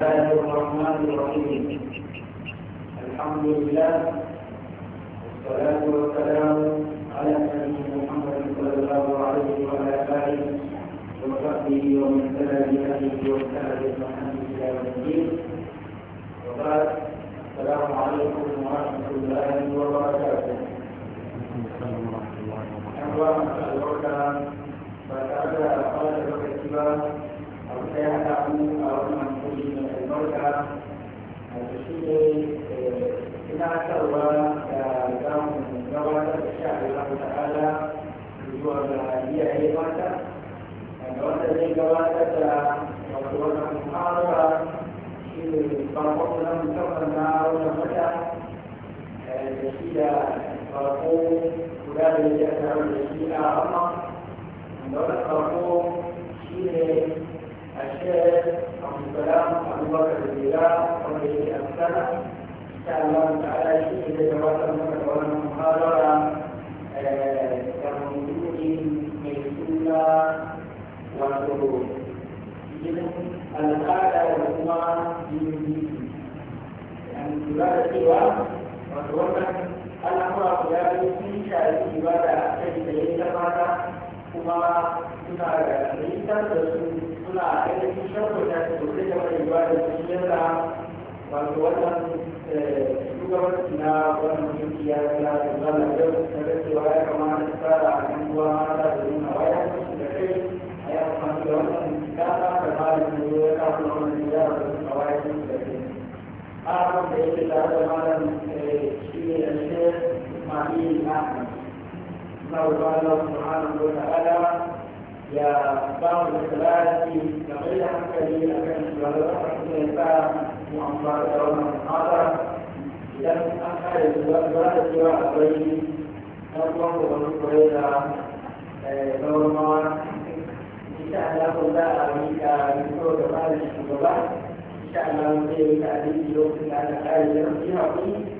الله الرحمن الرحيم الحمد لله والصلاة والسلام على نبينا محمد صلى الله عليه وعلى آله وصحبه ومن تبع بهديه واهتدى بسنته إلى يوم السلام عليكم ورحمة الله وبركاته. السلام ورحمة الله وبركاته. shine tunatarwa da zamu gabatar da sha Allah ta'ala zuwa ga iyaye mata da wanda zai gabatar da wato wannan muhawara shi ne farkon na musamman na wannan mata da shi da farko guda da yake a tare da shi a amma da wannan farko shi ne a shi السلام أبو بكر الجيلان ومجيء السنة إن شاء الله تعالى شيء إذا تواصل معك وأنا محاضرة كموجود من السنة والظهور آه، إذن القاعدة والإمام من يعني عبادة الله وتوكل الأمر في هذه الإبادة التي تجد ماذا kuma suna da nisan da su suna ainihin shakwata su da da su yadda wato wannan eh, shugabanci na wannan yanki ya zama da zama da ga cewa ya kamata su fara a kan ruwa mata da nuna waya su da kai a yi amfani da wannan kasa da malin da ya kasu na wannan da suna da kai a kan da yake tare da eh, shi ne da shi na موضوع الله سبحانه وتعالى يا بعض الثلاث تغير حتى لي أكن ولكن يبقى مؤمر يوم هذا لم أحد ولا سوى أبي الله ونقول نورما إن شاء الله لا أريد أن يكون هذا الشباب إن شاء الله سيكون هذه اليوم في الأعلى فيها فيه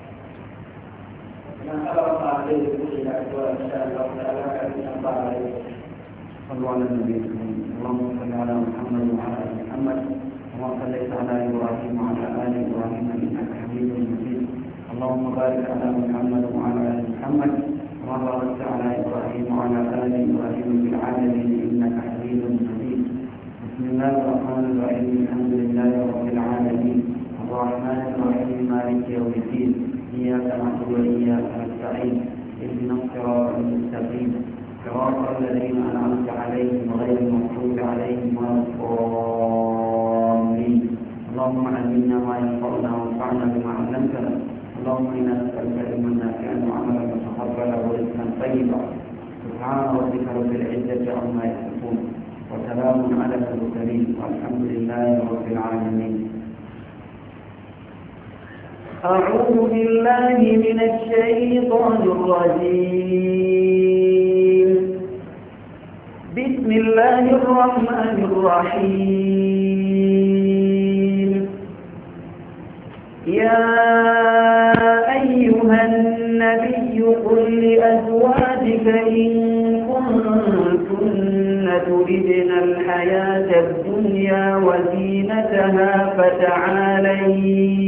من أبرم عليه إلى أجوال إن شاء الله تعالى كأن صلوا على النبي اللهم صل على محمد وعلى آل محمد وما صليت على إبراهيم وعلى آل إبراهيم إنك حميد مجيد اللهم بارك على محمد وعلى آل محمد وما باركت على إبراهيم وعلى آل إبراهيم في العالمين إنك حميد مجيد بسم الله الرحمن الرحيم الحمد لله رب العالمين الرحمن الرحيم مالك يوم الدين إياك نعبد وإياك نستعين اهدنا الصراط المستقيم صراط الذين أنعمت عليهم غير المغضوب عليهم ولا الضالين اللهم علمنا ما ينفعنا وانفعنا بما علمتنا اللهم إنا نسألك علما نافعا وعملا متقبلا ورزقا طيبا سبحان ربك رب العزة عما يصفون وسلام على المرسلين والحمد لله رب العالمين أعوذ بالله من الشيطان الرجيم بسم الله الرحمن الرحيم يا أيها النبي قل لأزواجك إن كنتن تردن الحياة الدنيا وزينتها فتعالين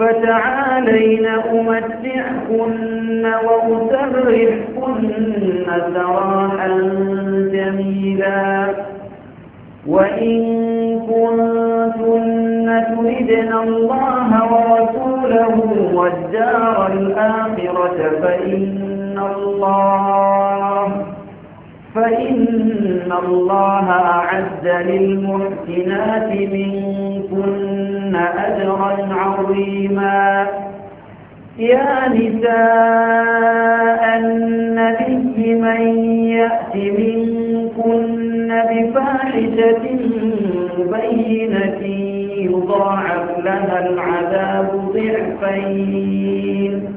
فتعالين أمتعكن وأسرحكن سراحا جميلا وإن كنتن تردن الله ورسوله والدار الآخرة فإن الله فإن الله أعد للمحسنات منكم لكن أجرا عظيما يا نساء النبي من يأت منكن بفاحشة بينة يضاعف لها العذاب ضعفين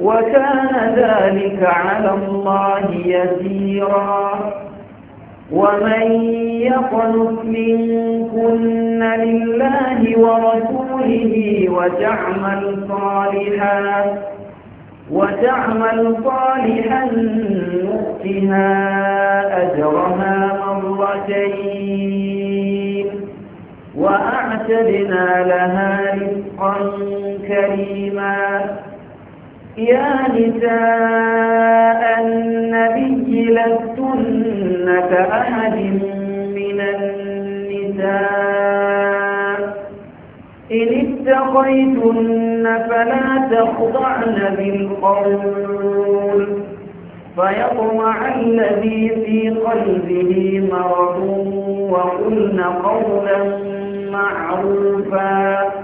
وكان ذلك على الله يسيرا ومن يقلق منكن لله ورسوله وتعمل صالحا وتعمل صالحا نؤتها أجرها مرتين وأعتدنا لها رزقا كريما يا نساء النبي لستن كأحد من النساء إن اتقيتن فلا تخضعن بالقول فيطمع الذي في قلبه مرض وقلن قولا معروفا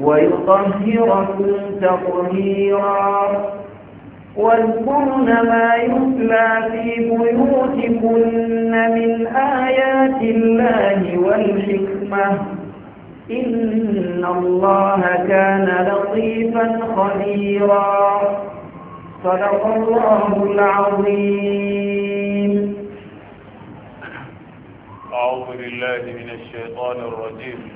ويطهركم تطهيرا واذكرن ما يتلى في بيوتكن من آيات الله والحكمة إن الله كان لطيفا خبيرا صدق الله العظيم أعوذ بالله من الشيطان الرجيم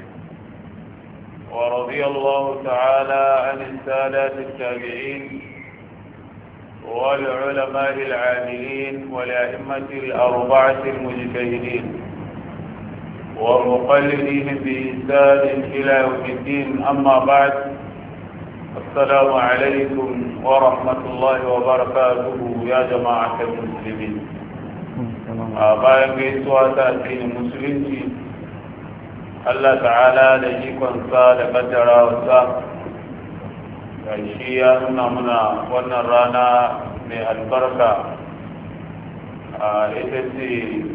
ورضي الله تعالى عن السادات التابعين والعلماء العاملين والأئمة الأربعة المجتهدين والمقلدين بإنسان إلى يوم الدين أما بعد السلام عليكم ورحمة الله وبركاته يا جماعة المسلمين أبا آه، يمكن سواتا المسلمين Allah ta'ala da ikonsa da wasa ga shi ya nuna muna wannan rana mai albarka a ita ce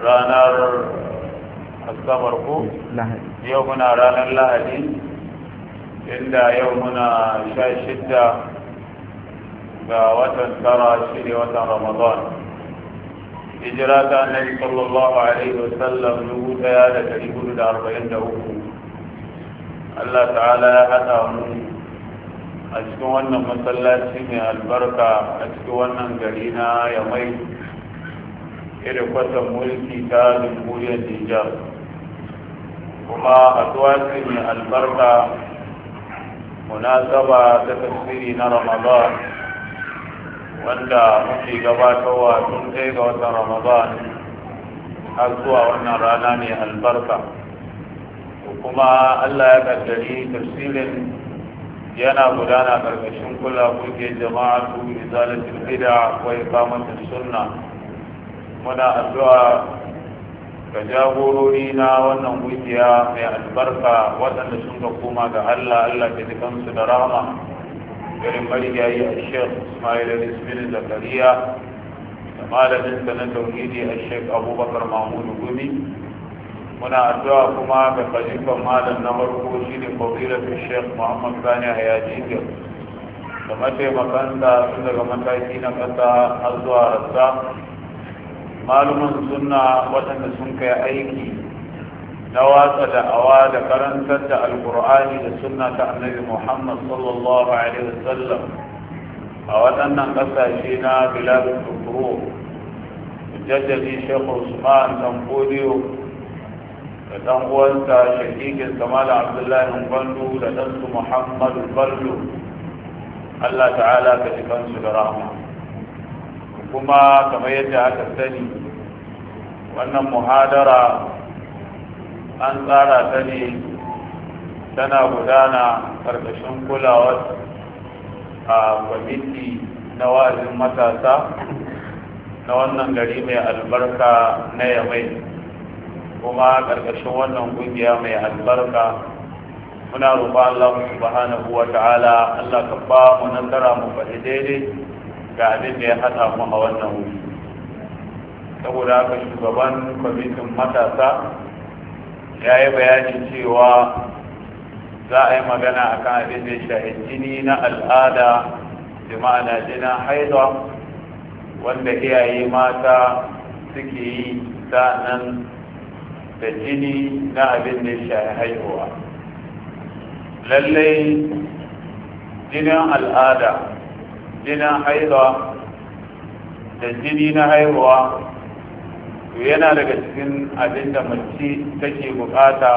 ranar asabar yau muna ranar lahadi inda yau muna sha shidda ga watan tara shi ne watan ramadan هجرات النبي صلى الله عليه وسلم نبوت يا لك يقول الأربعين له الله تعالى أتى من أشكو أن مسلا سمع البركة أشكو أن قرينا يمين إرفة ملكي تال مولي الإنجاب وما أتواتني البركة مناسبة تفسيرنا رمضان wanda muke gabatarwa tun kai ga watan ramadan har zuwa wannan rana ne albarka kuma allah ya kaddari tafsirin yana gudana karkashin kula kuke jama'atu izalatul bid'a wa iqamatus sunna muna addu'a ga jagorori na wannan kungiya mai albarka waɗanda sun ga koma ga allah allah ya ji da rahama garin yi a shek ismail al-ismin zakariya da malamin na tauhidi a shek abubakar mahmudu gumi muna addu'a kuma ga khalifan malam na farko shine fadilatu shek muhammad sani hayaji da mataimakansa sun daga mataki na kasa har zuwa rasa malumin suna waɗanda sun kai aiki na watsa da'awa da karantar da alkur'ani da sunna ta annabi muhammad sallallahu alaihi wasallam a waɗannan ƙasashe na biladun tukuro jaddadi shekhu usman tamfodiyo da ɗan uwansa shakikin kamal abdullahi bandu da ɗansu muhammadu ballo allah ta'ala ka ji kansu da rahama kuma kamar yadda aka sani wannan muhadara an tsara ta ne tana gudana ƙarƙashin kulawar a kwamiti na wa'azin matasa na wannan gari mai albarka na yamai kuma ƙarƙashin wannan ƙungiya mai albarka muna roƙon Allah subhanahu wa ta'ala Allah ka ba mu nasara mu faɗi daidai ga abin da ya haɗa mu a wannan wuri saboda haka shugaban kwamitin matasa ya yi bayanin cewa za a yi magana a kan abin da ya shahi jini na al'ada da ma'ana jina haida wanda iyaye mata suke yi nan da jini na abin da ya shahi haihuwa lallai jinin al'ada jinin haida da jini na haihuwa to yana daga cikin abin da mace take bukata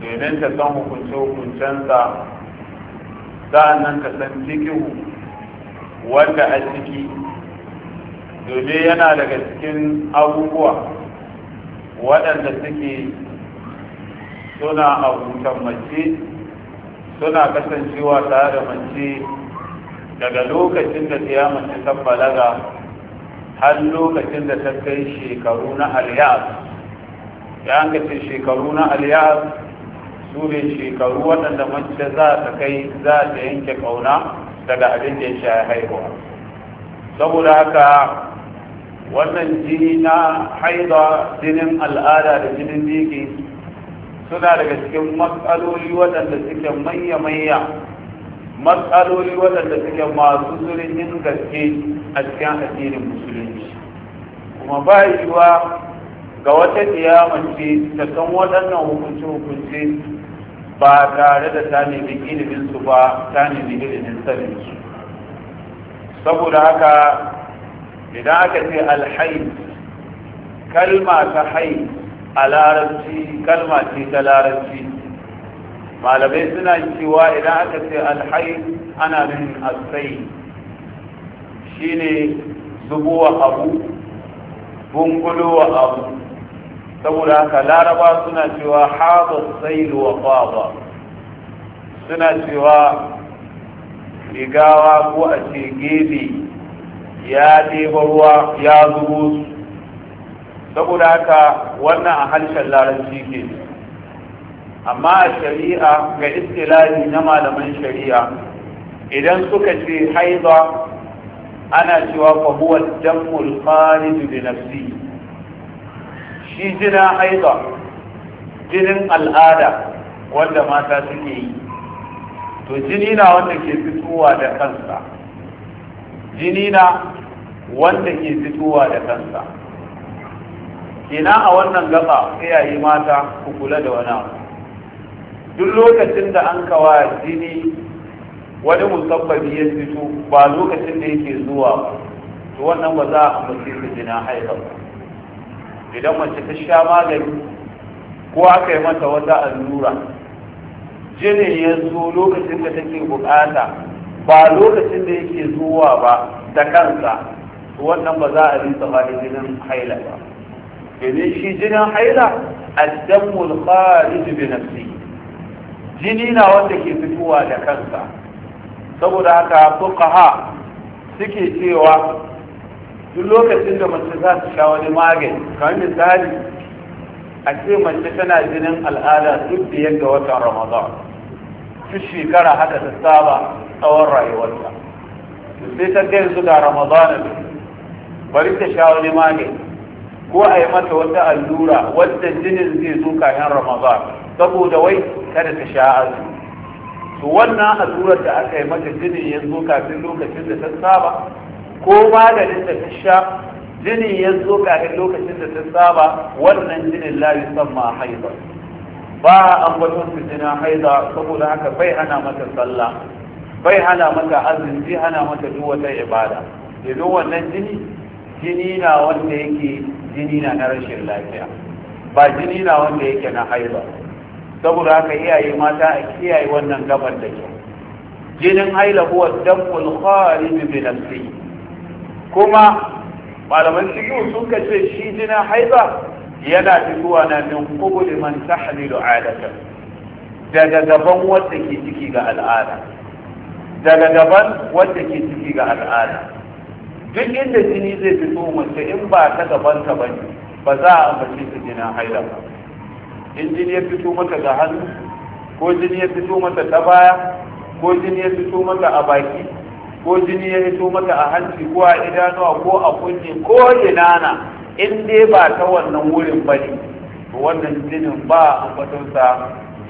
domin ta san hukunce-hukuncensa nan ta san cikin wanda a ciki domin yana daga cikin abubuwa waɗanda suke suna abutan mace suna kasancewa tare da mace daga lokacin da ta mace ta balaga har lokacin da ta kai shekaru na aliyar ya an shekaru na aliyar su ne shekaru waɗanda mace za ta kai za ta yanke ƙauna daga abin da ya sha haihuwa saboda haka wannan jini na haida jinin al'ada da jinin jiki suna daga cikin matsaloli waɗanda suke manya-manya matsaloli waɗanda suke masu zurin gaske a cikin addinin musulunci kuma ba yiwuwa ga wata ce ta san waɗannan hukunce-hukunce ba tare da ta nemi iliminsu ba ta nemi ilimin su saboda haka idan aka ce alhaid kalma ta haid a larabci kalma ce ta larabci malamai suna cewa idan aka ce alhai ana min asai shine zubowa abu bungulowa abu saboda haka laraba suna cewa haɗa sailu wa ƙwaba suna cewa rigawa ko a ce gebe ya ɗeba ruwa ya zubo su saboda haka wannan a harshen larabci ke ne amma a shari'a ga istilahi na malaman shari'a idan suka ce haiza ana cewa fa huwa damul kharij bi nafsi shi jina haiza jinin al'ada wanda mata suke yi to jini na wanda ke fitowa da kansa jini na wanda ke fitowa da kansa ina a wannan gaba iyaye mata ku kula da wani abu duk lokacin da an kawa jini wani musabbabi ya fito ba lokacin da yake zuwa ba to wannan ba za a mace ta jina haifa idan mace ta sha magani ko aka yi mata wata allura jini ya zo lokacin da take bukata ba lokacin da yake zuwa ba da kansa to wannan ba za a rinsa ba da jinin haila ba domin shi jinin haila addamul kharij bi nafsihi jini na wanda ke fitowa da kansa saboda haka fuqaha suke cewa duk lokacin da mace za ta sha wani magani kamar misali a ce mace tana jinin al'ada duk da yadda watan ramadan duk shekara haka ta saba tsawon rayuwarta sai ta gaya su da ramadan bari ta sha wani magani ko a yi mata wata allura wadda jinin zai zo kayan ramadan saboda wai kada ta sha azumi to wannan azurar da aka yi mata jinin ya kafin lokacin da ta saba ko maganin da ta sha jinin ya kafin lokacin da ta saba wannan jinin la yusamma haidar ba a ambaton su jinin haida saboda haka bai hana mata sallah bai hana mata azumi bai hana mata duk wata ibada Idan wannan jini jini na wanda yake jini na na rashin lafiya ba jini na wanda yake na haida saboda haka iyaye mata a kiyaye wannan gabar da kyau jinin haila huwa dabbul kharij bi nafsi kuma malaman cikin sun ce shi jinin haiba yana fitowa na min qubul man tahmilu adatan daga gaban wanda ke ciki ga al'ada daga gaban wanda ke ciki ga al'ada duk inda jini zai fito mace in ba ta gabanta ne ba za a ambace ta jinin haila ba in ya fito mata ga hannu ko jini ya fito mata ta baya ko jini ya fito mata a baki ko jini ya fito mata a hanci ko a idanuwa ko a kunne ko inana in dai ba ta wannan wurin ba ne wannan jinin ba a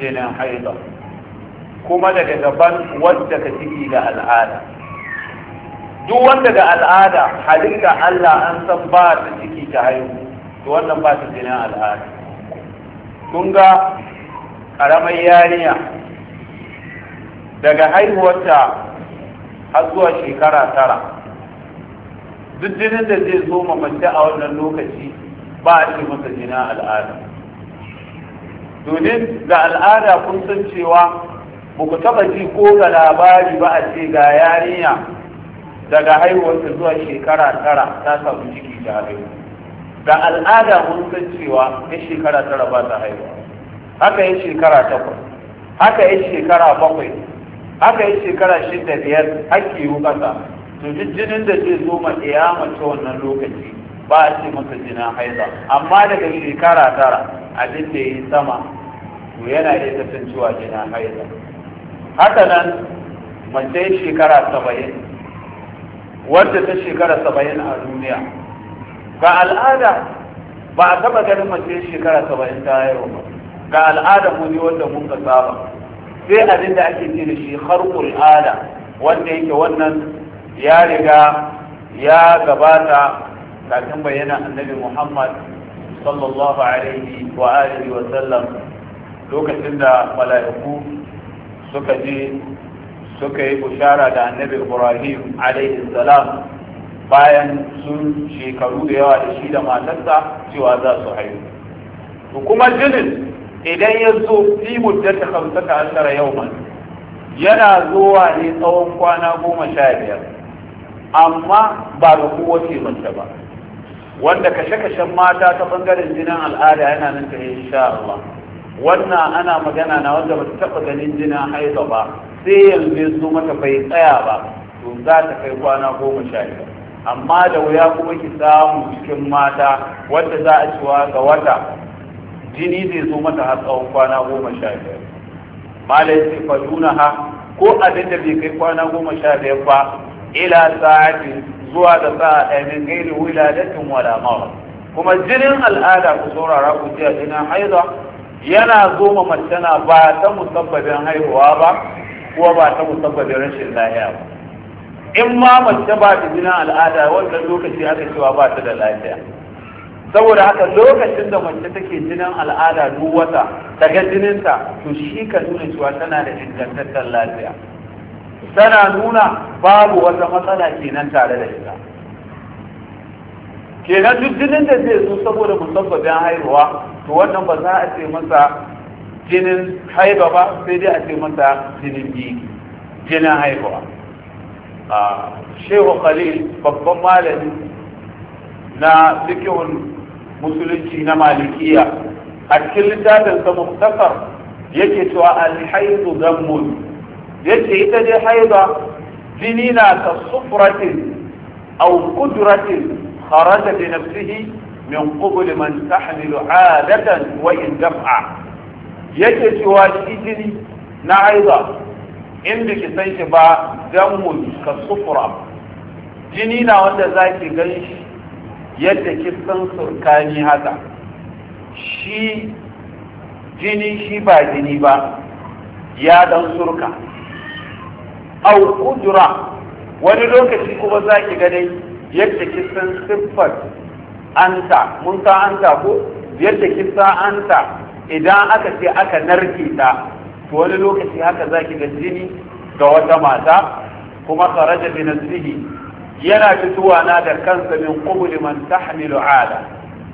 jinin haida kuma daga gaban wadda ka ciki ga al'ada duk wanda ga al'ada halitta Allah an san ba ta ciki ta haihu to wannan ba ta jinin al'ada kun ga ƙaramar yarinya daga haihuwarta har zuwa shekara tara duk jinin da zai zo mace a wannan lokaci ba a ce masa jinin al'ada domin ga al'ada kun san cewa ba ku taɓa ji ko ga labari ba a ce ga yarinya daga haihuwarta zuwa shekara tara ta samu ciki ta haihu ga al'ada mun san cewa ya shekara tara ba ta haihuwa haka ya shekara takwas haka ya shekara bakwai haka ya shekara shida biyar haƙƙi yi ƙasa. to jinin da zai zo ma ɗaya mace wannan lokaci ba a ce masa jina haiza amma daga shekara tara abin da ya yi sama to yana iya kasancewa jina haiza haka nan mace shekara saba'in wadda ta shekara saba'in a duniya ga al'ada ba a taba ganin mace shekara saba'in ta haihu ba ga al'ada mu ne wanda mun ka saba sai abin da ake ce da shi harkul wanda yake wannan ya riga ya gabata kafin bayyana annabi muhammad sallallahu alaihi wa alihi wa sallam lokacin da mala'iku suka je suka yi bushara da annabi ibrahim alaihi salam bayan sun shekaru da yawa da shi da matarsa cewa za su haihu to kuma jinin idan ya zo fi muddata hamsata ashara yawman yana zuwa ne tsawon kwana goma sha biyar amma ba da kowace mace ba wanda kashe-kashen mata ta bangaren jinin al'ada yana nan ta insha Allah wannan ana magana na wanda ba ta taɓa ganin jinin haihuwa ba sai yanzu ya zo mata bai tsaya ba to za ta kai kwana goma sha biyar amma da wuya kuma ki samu cikin mata wadda za a cewa ga wata jini zai zo mata har tsawon kwana goma sha biyar malai sai fa duna ha ko abin da bai kai kwana goma sha biyar ba ila sa'atin zuwa da sa'a ɗaya min gairi wiladatin wala mawa kuma jinin al'ada ku saurara ku ji a jinin yana zo ma mace na ba ta musabbabin haihuwa ba kuwa ba ta musabbabin rashin lahiya ba in ma mace ba da jinin al'ada wannan lokaci aka cewa ba ta da lafiya saboda haka lokacin da mace take jinin al'ada duk wata daga jininta to shi ka nuna cewa tana da ingantaccen lafiya tana nuna babu wata matsala kenan tare da ita kenan duk jinin da zai zo saboda musabbabin haihuwa to wannan ba za a ce masa jinin haihuwa ba sai dai a ce masa jinin biki jinin haihuwa shehu khalil babban malami na fikihun musulunci na malikiya a cikin littafin sa muktasar yake cewa alhaidu zammun yace ita dai haida jini na ka sufratin aw qudratin kharaja bi nafsihi min qubul man tahmilu adatan wa in daf'a yake cewa shi jini na haida in ki san shi ba damun ka sufura jini na wanda za ki gan shi yadda san surkani haka shi jini shi ba jini ba ya dan surka au kudura wani lokaci kuma za ki gane yadda san siffar anta mun ka anta ko yadda ki kisa anta idan aka ce aka narke ta to wani lokaci haka zaki ga jini ga wata mata kuma kharaja bi nafsihi yana fitowa na da kansa min qubul man tahmilu ala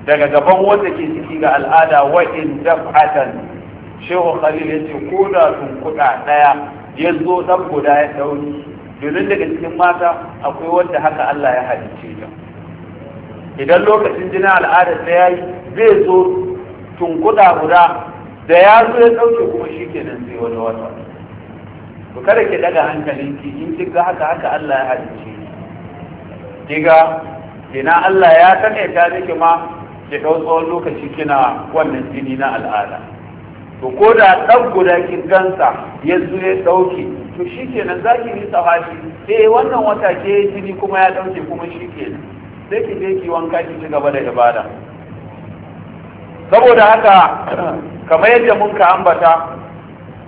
daga gaban wanda ke ciki ga al'ada wa in daf'atan shehu khalil yace ko da sun kuda daya yanzu dan guda ya dauki domin daga cikin mata akwai wanda haka Allah ya halicce ta idan lokacin jinin al'adar ta yayi zai zo tunkuda guda da ya zo ya ɗauke kuma shi nan sai wani wata to kada ke daga hankalinki in ki ga haka haka Allah ya halicce Diga, ina Allah ya ta miki ma ki ɗau tsawon lokaci kina wannan jini na al'ada to ko da ɗan guda ki gansa ya zo ya ɗauke to shi nan za ki nisa hashi eh wannan wata ke jini kuma ya ɗauke kuma shi nan sai ki je ki wanka ki ci gaba da ibada saboda haka kamar yadda mun ka ambata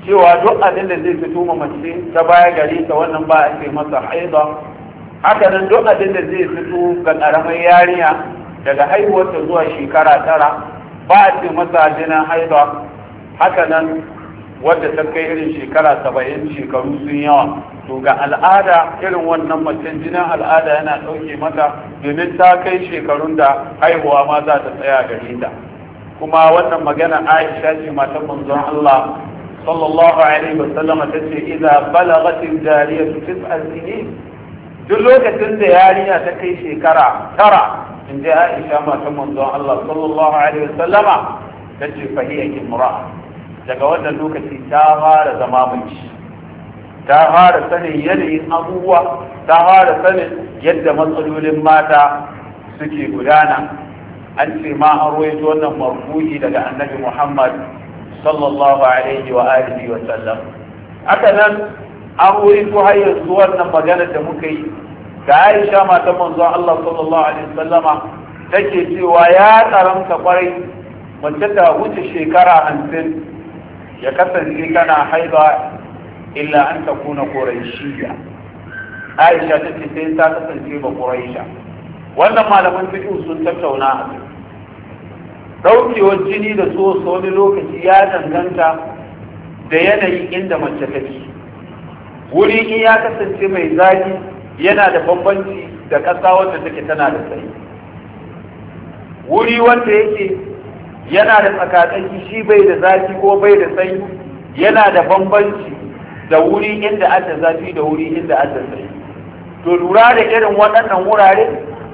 cewa duk abin da zai fito ma mace ta baya gare ta wannan ba a ce masa haida haka nan duk abin da zai fito ga karamar yarinya daga haihuwarta zuwa shekara tara ba a ce masa jinin haida haka nan wadda ta kai irin shekara saba'in shekaru sun yawa to ga al'ada irin wannan macen jinin al'ada yana ɗauke mata domin ta kai shekarun da haihuwa ma za ta tsaya gare ta kuma wannan magana Aisha ce matan manzon Allah sallallahu alaihi wa wasallama tace idza balagatil jariyatu tis'a sinin duk lokacin da yarinya ta kai shekara tara in ji Aisha matan manzon Allah sallallahu alaihi wa wasallama tace fahiya imra daga wannan lokaci ta fara zama miji, ta fara sanin yanayin abubuwa ta fara sanin yadda matsalolin mata suke gudana an ce ma an roye wannan marfu'i daga annabi Muhammad sallallahu alaihi wa alihi wa sallam haka nan an roye to har yanzu wannan magana da muka yi ga Aisha matan manzo Allah sallallahu alaihi wa sallama take cewa ya karanta kwarai mace ta wuce shekara hamsin ya kasance kana haiba illa an ta kuna aisha ta ce sai ta kasance ba ƙuraisha wannan malaman fiƙi sun tattauna a cikin. daukewar jini da so wani lokaci ya danganta da yanayi inda mace take wuri in ya kasance mai zafi yana da bambanci da ƙasa wanda take tana da tsayi wuri wanda yake yana da tsakatsaki shi bai da zafi ko bai da tsayi yana da bambanci da wuri inda aka zafi da wuri inda aka tsayi to lura da irin waɗannan wurare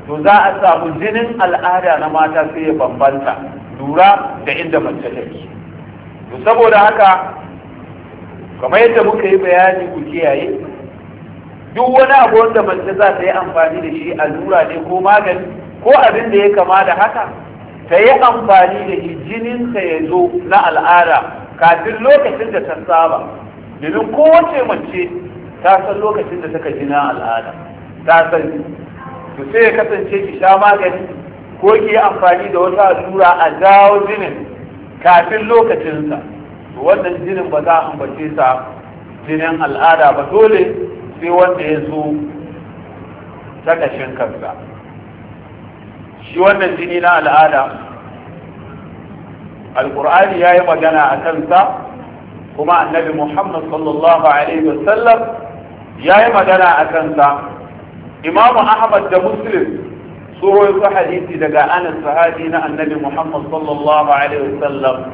to za a samu jinin al'ada na mata sai ya bambanta lura da inda mace take to saboda haka kamar yadda muka yi bayani ku kiyaye duk wani abu wanda mace za ta yi amfani da shi a allura ne ko magani ko abin da ya kama da haka ta yi amfani da shi jininta ya zo na al'ada kafin lokacin da ta saba domin kowace mace ta san lokacin da ta ka jina al'ada ta san to sai ya kasance ki sha magani ko ki yi amfani da wata allura a jawo jinin kafin lokacinsa wannan jinin ba za a ambace sa jinin al'ada ba dole sai wanda ya zo ta kashin kansa shi wannan jini na al'ada alkur'ani ya yi magana a kansa kuma annabi muhammad sallallahu alaihi wasallam ya yi magana a kansa imamu ahmad da muslim tsoron su hadisi daga anas sahabi na annabi muhammad sallallahu alaihi wasallam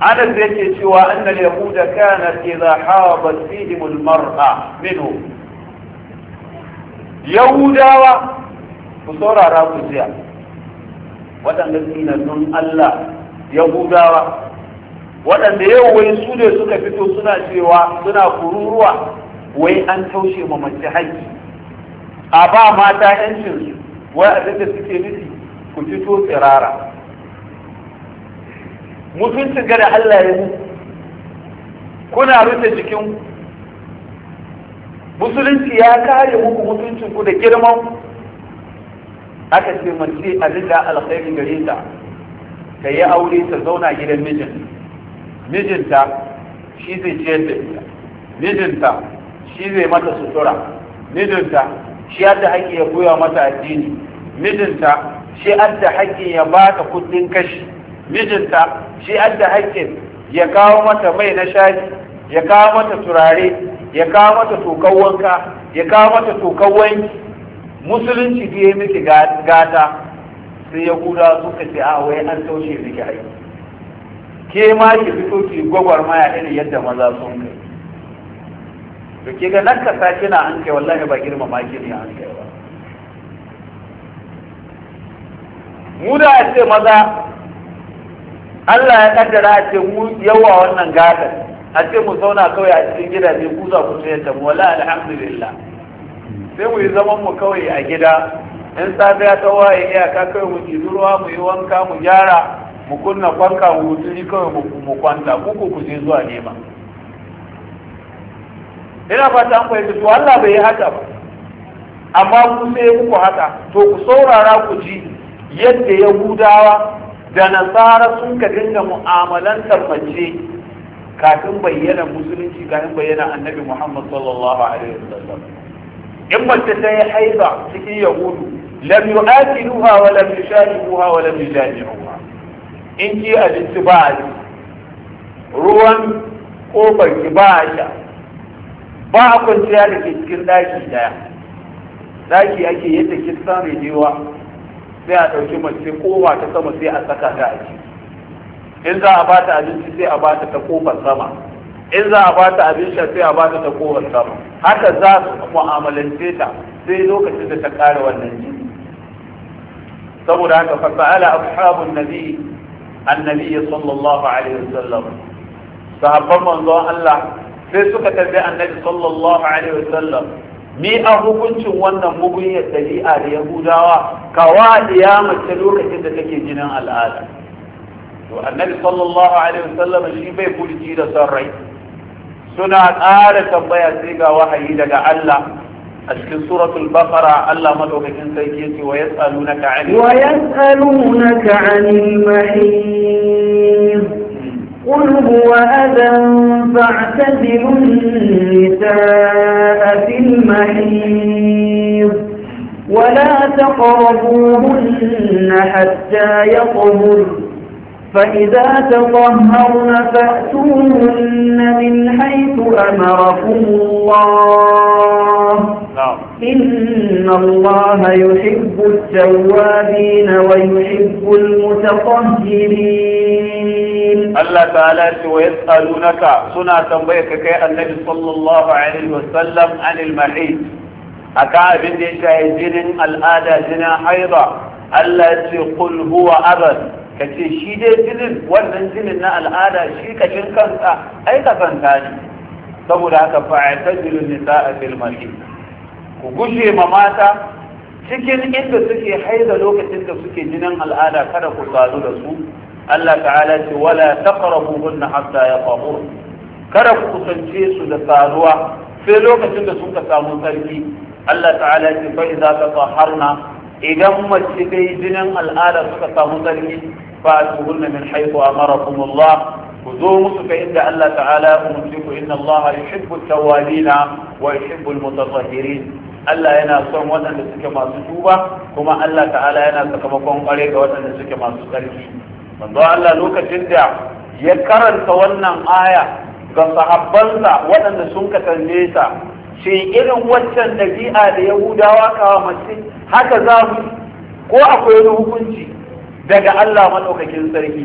anas yake cewa annal yahuda kanat idha habat fihim al mar'a minhu yahudawa ku saurara ku jiya waɗanda sinannun Allah yahudawa waɗanda yau wai su ne suka fito suna cewa suna kururuwa wai an taushe ma mace haƙƙi a ba mata 'yancinsu wa da suke nufi ku fito tsirara mutuncin gada Allah ya muku kuna rufe jikin musulunci ya kare muku mutuncin ku da girman aka ce mace a da alkhairi gare ta ta yi aure ta zauna gidan mijin mijinta shi zai ciyar da ita mijinta shi zai mata sutura mijinta shi yadda haƙƙi ya koya mata addini mijinta shi yadda haƙƙi ya ba ta kuɗin kashi mijinta shi yadda haƙƙin ya kawo mata mai na shaji ya kawo mata turare ya kawo mata tokan wanka ya kawo mata tokan wanki musulunci biye miki gata sai ya guda suka ce a wai an taushe miki haƙƙi ke ma ki fito ki gwagwarmaya irin yadda maza sun kai to ke ga sa kina an kai wallahi ba girmama ki ne an kai ba mu da ce maza Allah ya kaddara a ce mu yawa wannan gata a ce mu zauna kawai a cikin gidaje ku za ku ce ta mu wala alhamdulillah sai mu yi zaman mu kawai a gida in safe ya tawaye iyaka kawai mu ɗibi ruwa mu yi wanka mu gyara mu kunna kwanka mu wuturi kawai mu kwanta ku ku je zuwa nema ina fata an fahimci, to Allah bai yi haka ba amma ku sai kuku haka to ku saurara ku ji yadda yahudawa da nasara sun ka dinga mu'amalantar mace kafin bayyana musulunci kafin bayyana annabi muhammad sallallahu alaihi wasallam in mace ta yi haiba cikin yahudu lam yu'akiluha wa lam yusharibuha wa lam ruwa, in ki abinci ba ruwan kofar ki ba sha ba a kwanciya da ke cikin ɗaki ɗaya ɗaki ake yadda kisan rijewa sai a ɗauki mace kowa ta sama sai a saka ta a ciki in za a bata abinci sai a bata ta kofar sama in za a bata abin sai a bata ta kofar sama haka za su mu'amalance ta sai lokacin da ta ƙara wannan jini saboda haka fasa'ala ashabun nabi annabi sallallahu alaihi wasallam sahabban manzon Allah sai suka tafi annabi sallallahu alaihi wasallam ni a hukuncin wannan mugunyar dabi'a da yahudawa kawa ya mace lokacin da take jinin al'ada to annabi sallallahu alaihi wasallam shi bai furci da son rai suna ƙara tambaya sai ga wahayi daga Allah a cikin suratul baqara Allah madaukakin sarki yace wa yas'alunaka 'anil wa yas'alunaka 'anil قل هو أذى فاعتزلوا النساء في المحيط ولا تقربوهن حتى يطهرن فإذا تطهرن فأتوهن من حيث أمركم الله نعم. إن الله يحب التوابين ويحب المتطهرين الله تعالى ويسألونك سنة تنبيك كي النبي صلى الله عليه وسلم عن المحيط أكعب النشاء جن الآلة جنا حيضة التي قل هو أبد ka ce shi dai jinin wannan jinin na al'ada shi kashin kansa ai kasanta ne saboda haka fa'ata jinin nisa a filmashi ku gushe ma mata cikin inda suke haida lokacin da suke jinin al'ada kada ku sadu da su Allah ta'ala ce wala taqrabu hunna hatta yaqahur kada ku kusance su da saduwa sai lokacin da suka samu sarki Allah ta'ala ce fa idza taqaharna idan mace dai jinin al'ada suka samu sarki فأتوهن من حيث أمركم الله خذوه فإن الله تعالى أمسك إن الله يحب التوابين ويحب المتطهرين Allah yana son waɗanda suke masu tuba kuma Allah ta'ala yana sakamakon ƙware ga waɗanda suke masu ƙarfi. manzo Allah lokacin da ya karanta wannan aya ga sahabbansa waɗanda sun katanne sa shi irin waccan dabi'a da Yahudawa kawo mace haka za mu ko akwai wani hukunci daga Allah maɗaukakin sarki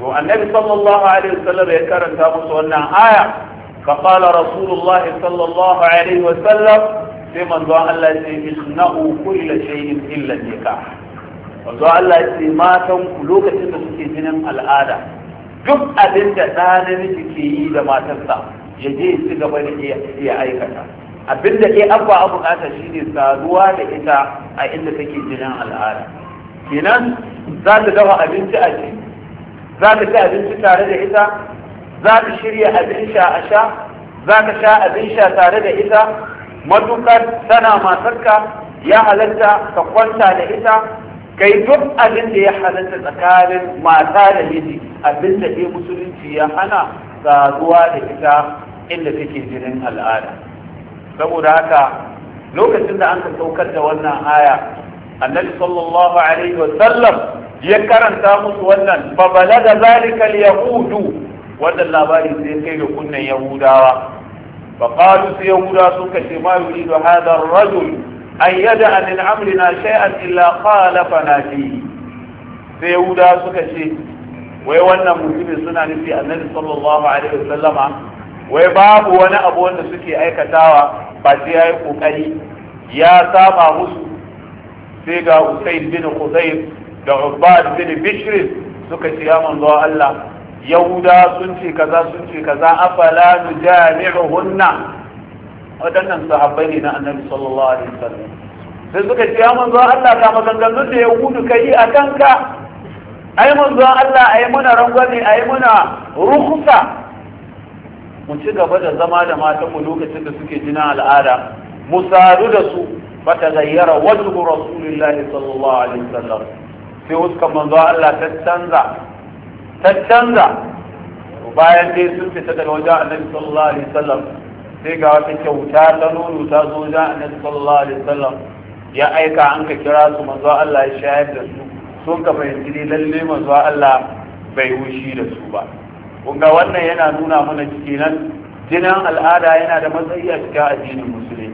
to annabi sallallahu alaihi wasallam ya karanta musu wannan aya ka qala rasulullahi sallallahu alaihi wasallam sai manzo Allah ya ce innahu kullu shay'in illa nikah manzo Allah ya ce matan ku lokacin da suke jinin al'ada duk abin da ɗa namiji ke yi da matarsa ya je su gaba da iya aikata abin da ke abba a bukata shine saduwa da ita a inda take jinin al'ada kenan za ta dafa abinci a ci za ka ci abinci tare da ita za ka shirya abin sha a sha za ka sha abin sha tare da ita matukar tana matarka ya halatta ka kwanta da ita kai duk abin da ya halatta tsakanin mata da miji abin da ke musulunci ya hana saduwa da ita inda take jinin al'ada saboda haka lokacin da an ka saukar da wannan aya annabi sallallahu alaihi wasallam ya karanta musu wannan fa balaga zalika al-yahudu wannan labari sai kai da kunnan yahudawa fa qalu sai yahuda suka ce ma yuridu hadha ar-rajul an yada'a min amrina shay'an illa khalafana fihi sai yahuda suka ce wai wannan mutumin suna nufi annabi sallallahu alaihi sallama. wai babu wani abu wanda suke aikatawa ba sai yayi kokari ya saba musu sai ga usaid bin husayr da ubbad bin bishr suka ce ya manzo Allah yahuda sun ce kaza sun ce kaza afala nujami'uhunna wadannan sahabbai ne na annabi sallallahu alaihi wasallam sai suka ce ya manzo Allah ka maganganun da yahudu kai a ka. ai manzo Allah ai muna rangwame ai muna rukhsa mu ci gaba da zama da mu lokacin da suke jina al'ada mu sadu da su فتغير وجه رسول الله صلى الله عليه وسلم sai huskar manzo Allah ta canza ta canza bayan dai sun fita daga wajen annabi sallallahu alaihi wasallam sai ga wata kyauta ta nono ta zo wajen annabi sallallahu alaihi wasallam ya aika an ka kira su manzo Allah ya shayar da su sun ka fahimci ne lalle manzo Allah bai wushi da su ba kun ga wannan yana nuna mana kenan jinin al'ada yana da matsayi a cikin addinin musulmi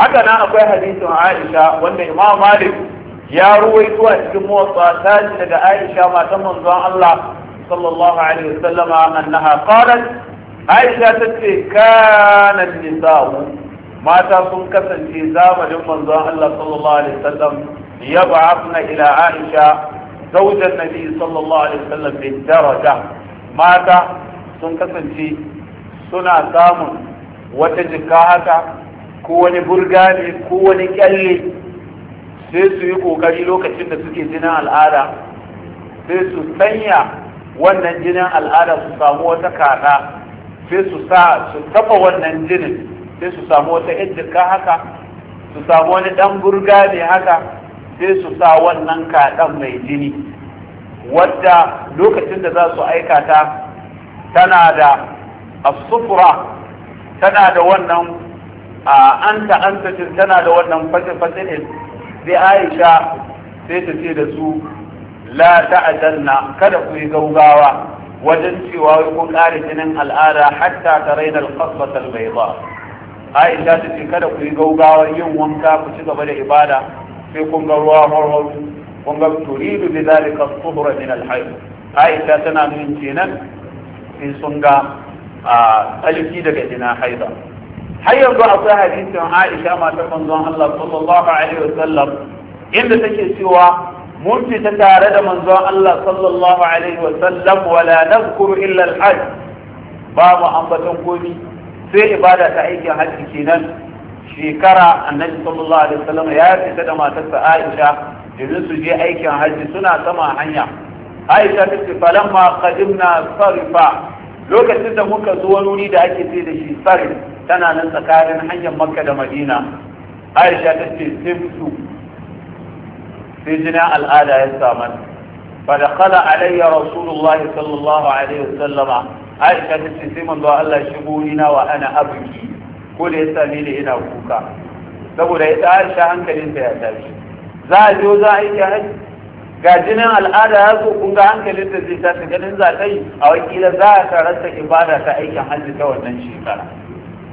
haka nan akwai hadisin Aisha wanda Imam Malik ya ruwaito a cikin motsa tashi daga Aisha matan manzon Allah sallallahu alaihi wasallama annaha qalat Aisha ta tace kana nisa'u mata sun kasance zamanin manzon Allah sallallahu alaihi wasallam yab'athna ila Aisha zaujan nabi sallallahu alaihi wasallam bi daraja mata sun kasance suna samun wata jika haka ko wani burga ne ko wani kyalle sai su yi kokari lokacin da suke jinin al'ada sai su sanya wannan jinin al'ada su samu wata kada sai su sa su taba wannan jinin sai su samu wata ijjika haka su samu wani dan burga ne haka sai su sa wannan kaɗan mai jini wadda lokacin da za su ta tana da asufura tana da wannan a anta anta tana da wannan fatin fatin sai Aisha sai ta ce da su la ta'adanna kada ku yi gaugawa wajen cewa wai kun kare jinin al'ada hatta ta rainar qasbata al ba. Aisha ta ce kada ku yi gaugawa yin wanka ku ci gaba da ibada sai kun ga ruwa horhor kun ga turidu bi zalika as min Aisha tana nuna kenan in sun ga a daga jina haida har yanzu a akwai hadisin Aisha matar manzon Allah sallallahu alaihi wasallam inda take cewa mun ta tare da manzon Allah sallallahu alaihi wasallam wala nazkuru illa al-hajj babu mu ambaton komi sai ibada ta aikin hajji kenan shekara annabi sallallahu alaihi wasallam ya fita da matarsa Aisha domin su je aikin hajji suna sama hanya Aisha ta ce falamma qadimna sarifa lokacin da muka zo wani da ake ce da shi sarif tana nan tsakanin hanyar makka da madina aisha ta ce simtu sai jina al'ada ya samar. saman fadakala alayya rasulullahi sallallahu alaihi wasallama aisha ta ce sai manzo Allah shigo nina wa ana abuki ko da ya same ni ina kuka saboda ya aisha hankalinta ya tashi za a zo za a yi hajji ga jinin al'ada ya zo kun ga hankalin da zai tashi ganin za ta yi a wakila za a tarar da ibada ta aikin hajji ta wannan shekara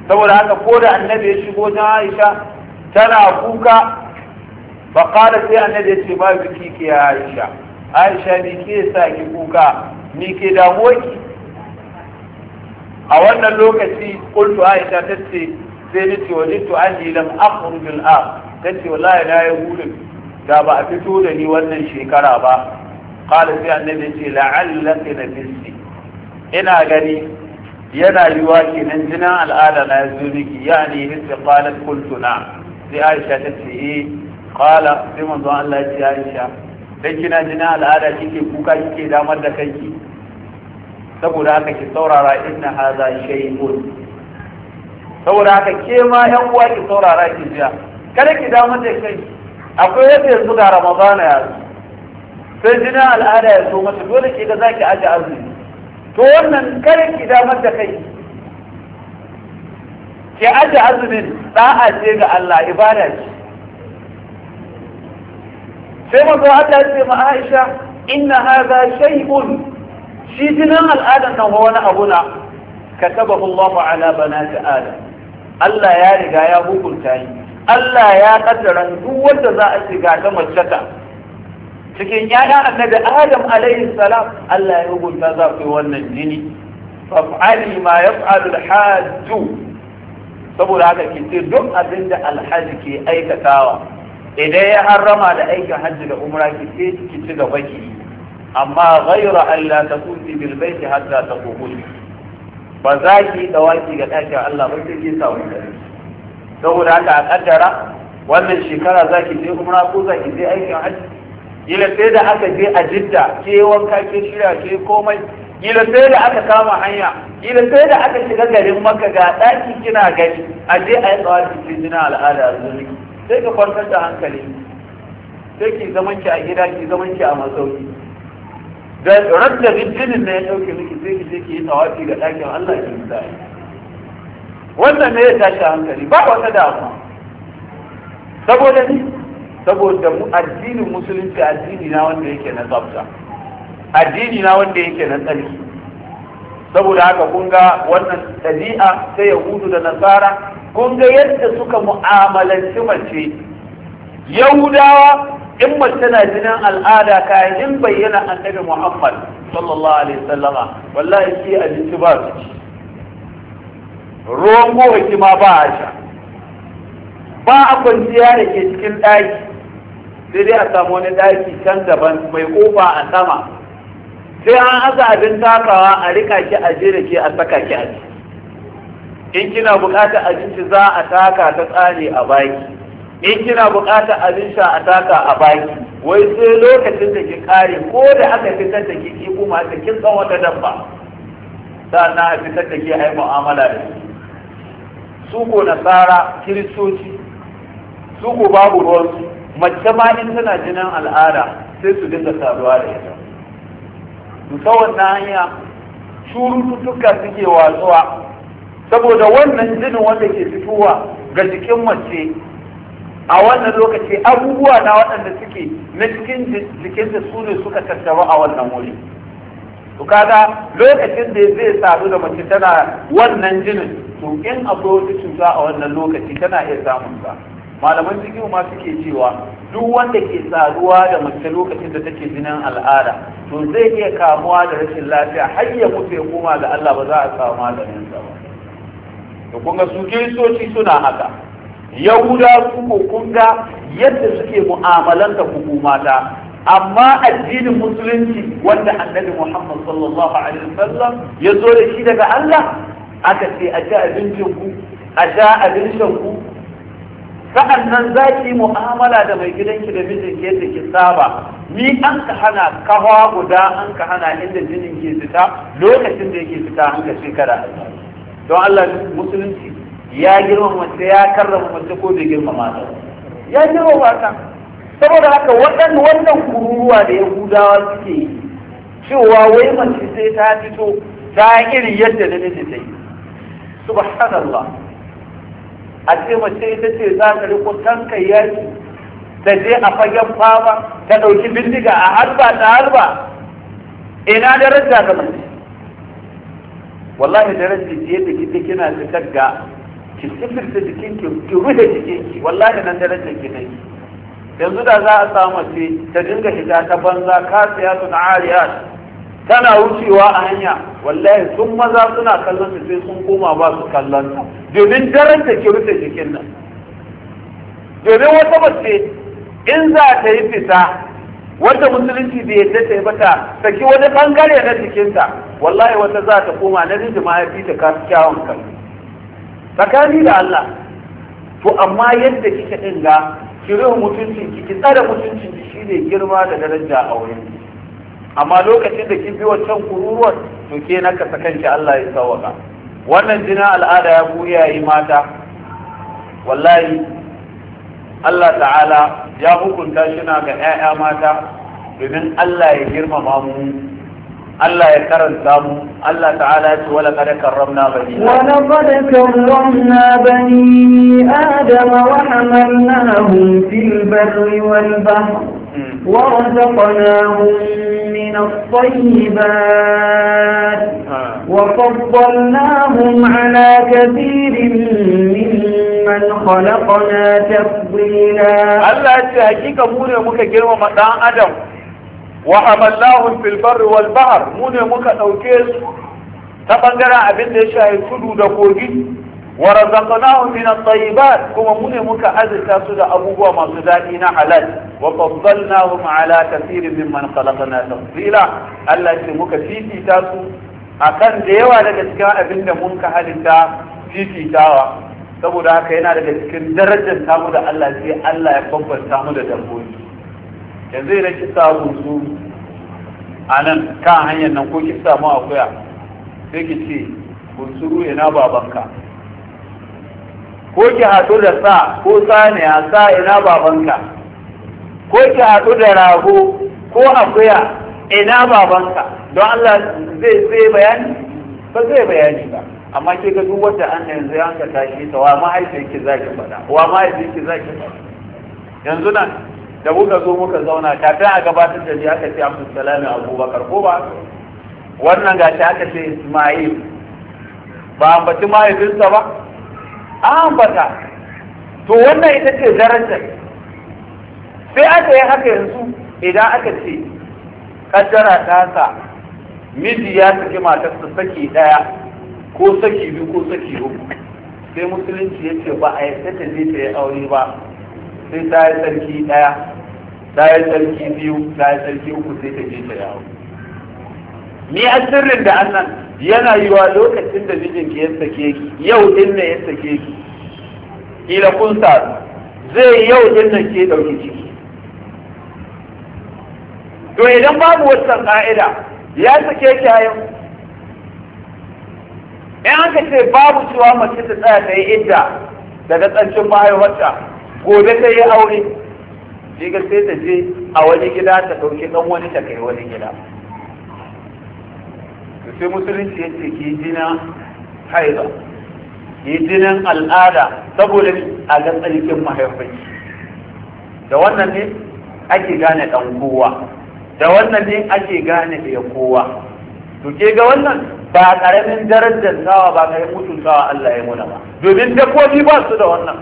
saboda haka ko da annabi ya shigo ta Aisha tana kuka ba qala sai annabi ya ce ma biki ke Aisha Aisha ni ke sa ki kuka ni ke damuwa ki a wannan lokaci qultu Aisha ta ce, sai ni ce an yi lam akhruj a ta ce wallahi na yi hulun da ba a fito da ni wannan shekara ba qala sai annabi ya ce la'allaka nabisti ina gani yana yiwa kenan jinin al'ada na ya zo miki ya ne hinta qalat qultu na sai Aisha ta ce eh qala sai manzon Allah ya ce Aisha dan kina jinin al'ada kike kuka kike damar da kanki saboda haka ki saurara inna hadha shay'un saboda haka ke ma yan uwa ki saurara ki jiya kada ki damar da kanki akwai yadda yanzu ga Ramadana ya sai jinin al'ada ya zo mata dole ke ga zaki aje azumi to wannan ki damar da kai ke aje azumin da'a ce ga Allah ibada ce sai mazo Allah ce ma Aisha inna hadha shay'un shi jinin al'adar nan wa wani abu na katabahu Allah ala banati Adam Allah ya riga ya hukunta Allah ya kaddara duk wanda za a shiga ta mace ta cikin yaya annabi adam alaihi salam Allah ya hukunta za ku wannan jini fa'ali ma yaf'alu al-hajj saboda haka ki ce duk abin da alhaji ke aikatawa idan ya harrama da aikin hajji da umra ki ce ki ci gaba ki amma ghayra an la taquti bil bayt hatta taquti ba za ki dawaki ga dakin Allah ba sai ki samu saboda haka a kaddara wannan shekara za ki je umra ko za ki je aikin hajji gila sai da aka je a jidda ke wanka ke shirya ke komai gila sai da aka kama hanya gila sai da aka shiga garin maka ga ɗaki kina gani a je a yi tsawon jiki jina al'ada a zuri sai ka kwantar da hankali sai ki zaman ki a gida ki zaman ki a masauki da radda jinin na ya ɗauke miki sai ki je ki yi tsawafi ga ɗakin Allah ki musa wannan ne ya tashi hankali ba wata damuwa saboda ni saboda mu addinin musulunci addini na wanda yake na tsafta addini na wanda yake na tsarki saboda haka kun ga wannan ɗabi'a ta yahudu da nasara kun ga yadda suka mu'amalanci mace yahudawa in mace tana jinin al'ada kayan bayyana annabi muhammad sallallahu alaihi wasallama wallahi shi abinci ba su ci ruwan gowa ma ba a sha ba a kwanciya da ke cikin ɗaki sai dai a samu wani daki can daban mai kofa a sama sai an haza abin takawa a rika ki a jere ke a saka ki a ciki in kina buƙatar abinci za a taka ta tsari a baki in kina buƙatar abin sha a taka a baki wai sai lokacin da ki kare ko da aka fitar da ki ki kuma ta kin san wata dabba sannan a fitar da ki ai mu'amala da su ko nasara kiristoci su ko babu ruwansu mace ma in tana jinin al'ada sai su dinga saduwa da ita ta wannan hanya shurututtuka suke watsuwa saboda wannan jinin wanda ke fitowa ga jikin mace a wannan lokaci abubuwa na waɗanda suke na cikin jikinta su ne suka tattaru a wannan wuri to kaga lokacin da zai sadu da mace tana wannan jinin to in akwai wata cuta a wannan lokaci tana iya samun sa malaman fiqh ma suke cewa duk wanda ke saduwa da mace lokacin da take jinin al'ada to zai iya kamuwa da rashin lafiya har ya mutu ya koma ga Allah ba za a samu maganin sa ba to kun ga su kiristoci suna haka yahuda su ko kun ga yadda suke mu'amalanta hukumata amma addinin musulunci wanda annabi Muhammad sallallahu alaihi wasallam ya zo da shi daga Allah aka ce a ci abincin ku a sha abincin ku nan za ki yi mu'amala da mai gidanki da ke da ki saba ni an ka hana kawa guda an ka hana inda jinin ke fita lokacin da yake fita an ka shekara don Allah musulunci ya girma mace ya karrama mace ko bai girma mata ya girma mata saboda haka waɗannan wannan kururuwa da yahudawa suke yi cewa wai mace sai ta fito ta irin yadda da miji ta yi subhanallah a ce mace ita ce za ta riko tanka yaki ta je a fagen fama ta ɗauki bindiga a harba ta harba ina daraja ga mace wallahi daraja ce yadda kike kina fitar ga ki sifirta jikin ki ki rufe jikin ki wallahi nan daraja ki ne yanzu da za a samu mace ta dinga shiga ta banza kasiya sun ariyat tana wucewa a hanya wallahi sun maza suna kallon ta sai sun koma ba su kallon ta domin daren ta ke rufe jikin nan domin wata mace in za ta yi fita wanda musulunci bai yadda ta yi bata saki wani bangare na jikinta wallahi wata za ta koma na rinji mahaifi ta kasu kyawun kallo tsakani da Allah to amma yadda kika dinga ki mutuncin ki ki tsare mutuncin ki shine girma da daraja a wurin ki amma lokacin da kin bi wancan kururuwar to ke na ka sakanki Allah ya sawaka wannan jina al'ada ya ku yi mata wallahi Allah ta'ala ya hukunta shi na ga 'ya'ya mata domin Allah ya girmama mu Allah ya karanta mu Allah ta'ala ce wala kada karramna bani wala kada karramna bani adama wa hamalnahum fil barri wal bahri ورزقناهم من الطيبات آه. وفضلناهم على كثير ممن خلقنا تفضيلا الله تهجيك مولى مكه جرم مطاع أدم وحملناهم في البر والبحر مونة مكا نوكيز تبنجرع بنت شاي سدود فوقين wa razaqnahum min at-tayyibat kuma mu muka azurta su da abubuwa masu daɗi na halal wa faddalnahum ala kathirin mimman khalaqna tafdila Allah ce muka fifita su akan da yawa daga cikin abin da mun ka halitta fifitawa saboda haka yana daga cikin darajar tamu da Allah sai Allah ya bambanta mu da dabbobi yanzu idan ki samu su a nan kan hanyar nan ko ki samu akuya sai ce bunsuru babanka ko ki haɗu da sa ko saniya sa ina babanka ko ki haɗu da rago ko akuya ina babanka don Allah zai zai bayani ba zai bayani ba amma ke ga duk wata an yanzu ya ka tashi ta wa mahaifinki za ki faɗa wa mahaifinki za ki faɗa yanzu nan da kuka zo muka zauna kafin a gabatar da shi aka ce abdulsalami abubakar ko ba wannan ta ka ce ismail ba ambaci mahaifinsa ba ambata to wannan ita ce darajar sai aka yi haka yanzu idan aka ce kaddara ta sa miji ya saki matarsa saki daya ko saki biyu ko saki uku sai musulunci ya ce ba a yadda ta je ta yi aure ba sai ta yi sarki daya ta yi sarki biyu ta yi sarki uku sai ta je ta yi aure ni sirrin da annan yana yi wa lokacin da mijinki ya sake ki yau din ne ya sake ki kila kun sa zai yau din nan ke dauki ciki to idan babu wannan ka'ida ya sake ki yau in aka ce babu cewa mace ta tsaya ta yi idda daga tsancin mahaifarta gobe ta yi aure shi sai ta je a wani gida ta ɗauki ɗan wani ta kai wani gida to sai musulunci ya ce ki jina haiza ki jinin al'ada saboda a ga tsarkin mahaifai da wannan ne ake gane dan kowa da wannan ne ake gane da kowa to ke ga wannan ba karamin darajar sawa ba kai mutun sawa Allah ya muna ba domin dabbobi ba su da wannan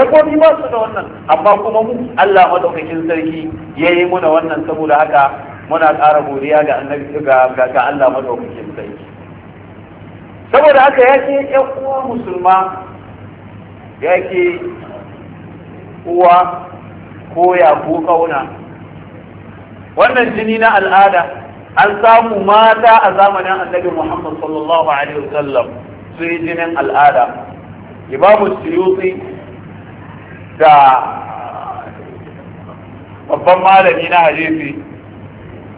dabbobi ba su da wannan amma kuma mu Allah madaukakin sarki ya yi muna wannan saboda haka muna ƙara godiya ga annabi ga ga Allah madaukakin saboda haka yake ƴan uwa musulma yake uwa ya ko kauna wannan jini na al'ada an samu mata a zamanin annabi Muhammad sallallahu alaihi wasallam sun yi jinin al'ada imamu suyuti da babban malami na hadisi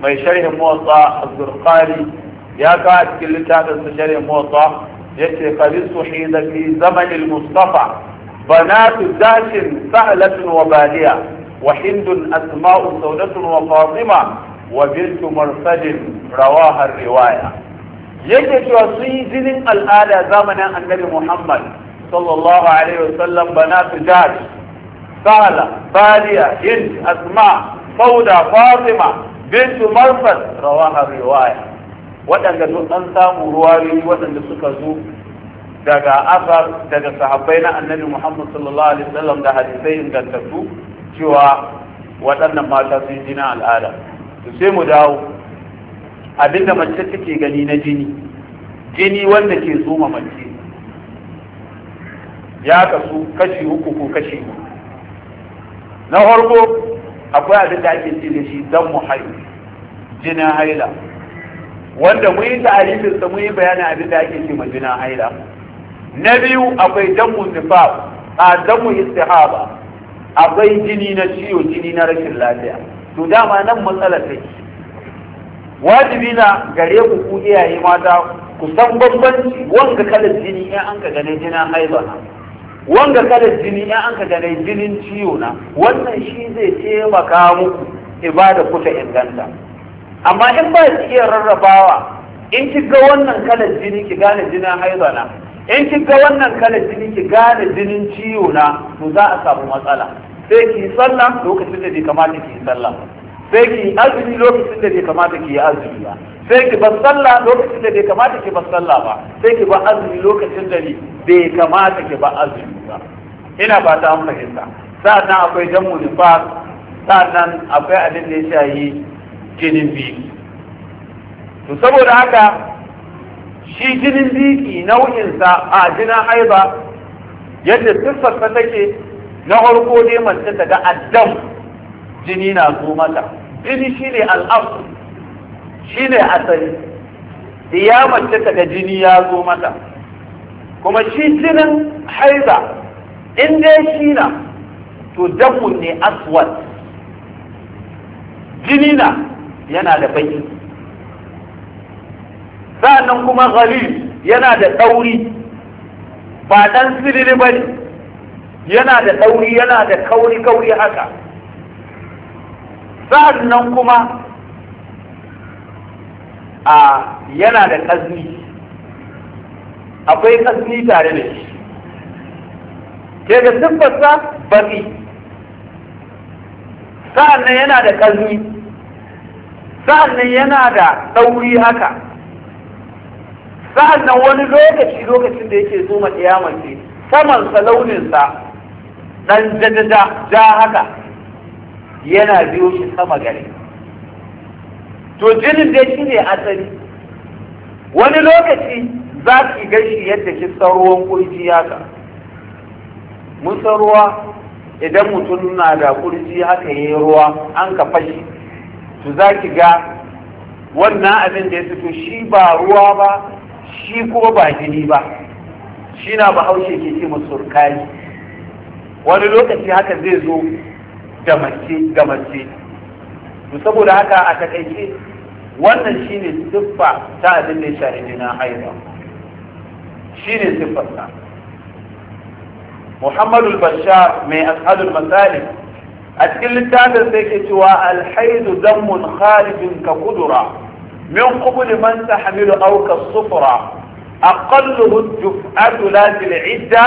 mai sharhin muwatta motsa azurkari ya ka cikin littafin sa sharhin muwatta yace ce suhida fi zaman al mustafa banatu dashin sa'latun wa baliya wa hindun asma'u sawdatun wa fatima wa bintu marsadin rawahar riwaya yake cewa sun yi jinin al'ada zamanin annabi muhammad sallallahu alaihi wasallam banatu dash sa'la baliya hind asma sauda fatima bintu marsal rawaha riwaya waɗanda duk an samu ruwayoyi waɗanda suka zo daga asar daga sahabbai na annabi Muhammad sallallahu alaihi wasallam da hadisai ingantattu cewa waɗannan mata sun jina al'ada to sai mu dawo abinda mace take gani na jini jini wanda ke tsoma mace ya kasu kashi uku ko kashi na harko. akwai abin da ake ce da shi dan mu hayu jinin haila wanda mu yi ta'arifin sa mu yi bayanin abin da ake ce ma jinin haila na biyu akwai dan mu nifaq a dan mu istihaba akwai jini na ciwo jini na rashin lafiya to dama nan matsalar take wajibi na gare ku ku iyaye mata ku san bambanci wanga kalar jini in an ka ganin jinin haila wanga kada jini ya an ka gane jinin ciwo na wannan shi zai taimaka muku ibada ta inganta amma in ba ki iya rarrabawa in ki ga wannan kalar jini ki gane jinin haiza na in ki ga wannan kalar jini ki gane jinin ciwo na to za a samu matsala sai ki yi sallah lokacin da bai kamata ki yi sallah sai ki yi azumi lokacin da bai kamata ki yi azumi ba sai ki ba sallah lokacin da bai kamata ki ba sallah ba sai ki ba azumi lokacin da bai kamata ki ba azumi ba ina ba ta an fahimta sa'annan akwai damu nifas sa'annan akwai abin da ya shayi jinin biki to saboda haka shi jinin biki nau'insa a jinin haiba yadda ta take na farko ne mace ta ga addam jini na zo mata jini shine al'afu shi ne asali diyamar ta kaga jini ya zo mata kuma shi jinin haiza in dai shi na to damun ne aswad jini na yana da baki sa'annan kuma ghalil yana da ɗauri ba ɗan sirri ba ne yana da ɗauri yana da kauri-kauri haka sa'annan kuma a yana da ƙasni akwai ƙasni tare da shi ke da siffarsa baƙi sa'an nan yana da ƙasni sa'an nan yana da ɗauri haka sa'an nan wani lokaci lokacin da yake zo ma ƙiyamance samansa launinsa ɗan jadada ja haka yana biyo shi sama gare to jinin dai shi ne asali wani lokaci za ki gashi yadda ki san ruwan kurji haka mun san ruwa idan mutum na da kurji haka yi ruwa an ka fashi to za ki ga wannan abin da ya fito shi ba ruwa ba shi kuma ba jini ba shi na bahaushe ke ce masurkali wani lokaci haka zai zo da mace mace to saboda haka a takaice wannan ne siffa ta abin da ya shafi jinin haihuwa shine siffar sa Muhammadu Bashar mai as'adul masalih a cikin littafin sai ke cewa alhaidu zammun kharijin ka kudura min qubul man hamidu auka ka sufra aqalluhu juf'atu la til idda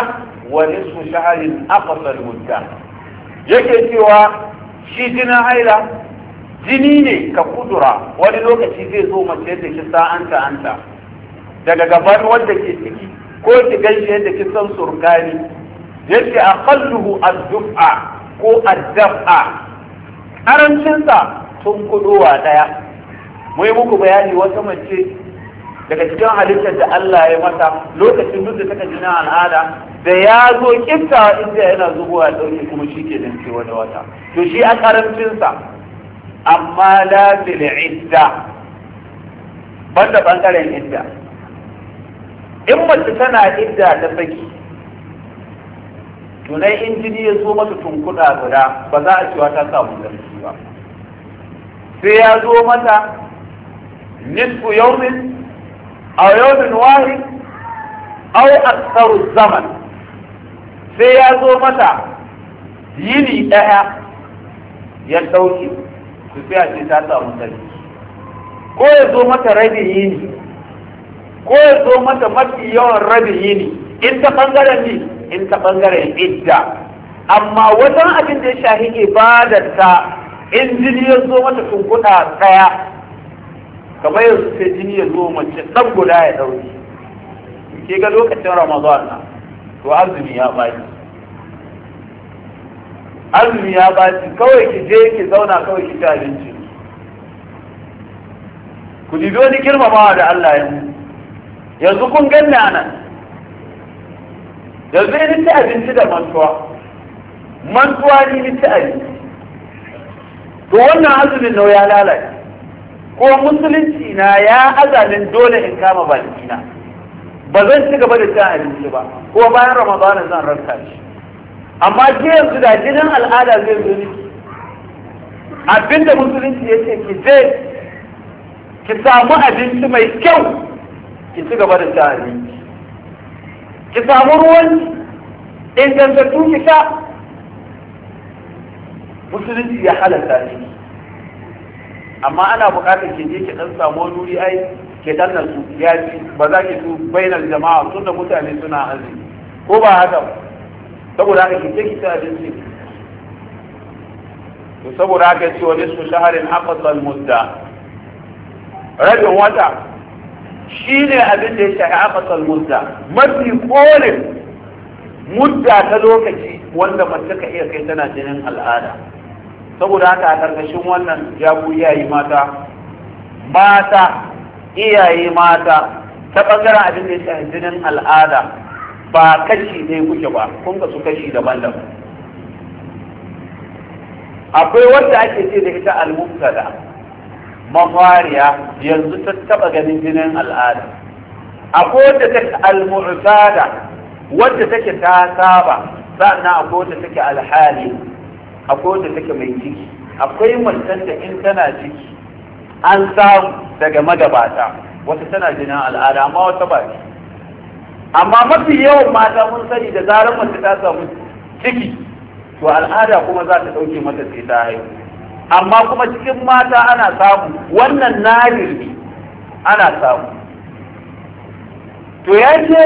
wa nisfu shahrin aqsa mudda yake cewa shi jina haila jini ne ka kudura wani lokaci zai zo mace yadda ki sa'anta anta daga gaban wanda ke ciki ko ki ganshi yadda ki san surkani a aqalluhu ad-du'a ko ad-dafa sun kudowa daya mu muku bayani wata mace daga cikin halittar da Allah ya mata lokacin duk da take jina al'ada da ya zo kinta inda yana zubowa dauke kuma shi ke dan wani wata to shi a karancin sa amma la bil idda banda bangaren idda in mace tana idda ta saki tunai injini ya zo mata tunkuda guda ba za a cewa ta samu zarki ba sai ya zo mata nisfu yawmin aw yawmin wahid au aktharu zaman sai ya zo mata yini daya ya dauki tafiya ce ta samu sarki ko ya zo mata rabin yini ko ya zo mata mafi yawan rabin yini in ta bangaren ni in ta bangaren idda amma wajen abin da ya shahi ibadarta in jini ya zo mata tunkuɗa ɗaya kamar yanzu sai jini ya zo mace ɗan guda ya ɗauki ke ga lokacin ramadan na to azumi ya baki azumi ya baci kawai ki je ki zauna kawai ki ci abinci ku ji doni girmamawa da Allah yanzu yanzu kun ganni a nan yanzu ni ci abinci da mantuwa mantuwa ni ni ci abinci to wannan azumin nau ya lalace ko musulunci na ya azalin dole in kama na ba zan ci gaba da cin abinci ba ko bayan ramadana zan ranka shi amma ke yanzu da jinin al'ada zai zo miki abinda musulunci ya ce ki je ki samu abinci mai kyau ki ci gaba da sha abinci ki samu ruwan ingantattu ki sha musulunci ya halatta ne amma ana buƙatar ki je ki dan samu wuri ai ke dan nan su ya ba za ki su bainar jama'a tunda mutane suna azumi ko ba haka ba saboda haka kike kike abinci to saboda haka ce wa nisfu shaharin aqsal mudda rabin wata shi ne abin da ya shafi aqsal mudda mafi kolin mudda ta lokaci wanda mace ka iya kai tana jinin al'ada saboda haka a ƙarƙashin wannan jabu iyaye mata mata iyaye mata ta ɓangaren abin da ya shafi jinin al'ada ba kashi ne kuke ba kun ga su kashi daban-daban akwai wanda ake ce da ita al-mubtada mafariya yanzu ta taba ganin jinin al'ada akwai wanda take al-mu'tada wanda take ta saba sannan akwai wanda take al-hali akwai wanda take mai ciki akwai mutan da in tana ciki an samu daga magabata wata tana jinin al'ada amma wata ba amma mafi yawan mata mun sani da zarar mace ta samu ciki to al'ada kuma za ta ɗauke mata sai ta haihu amma kuma cikin mata ana samu wannan nadir ne ana samu to ya ce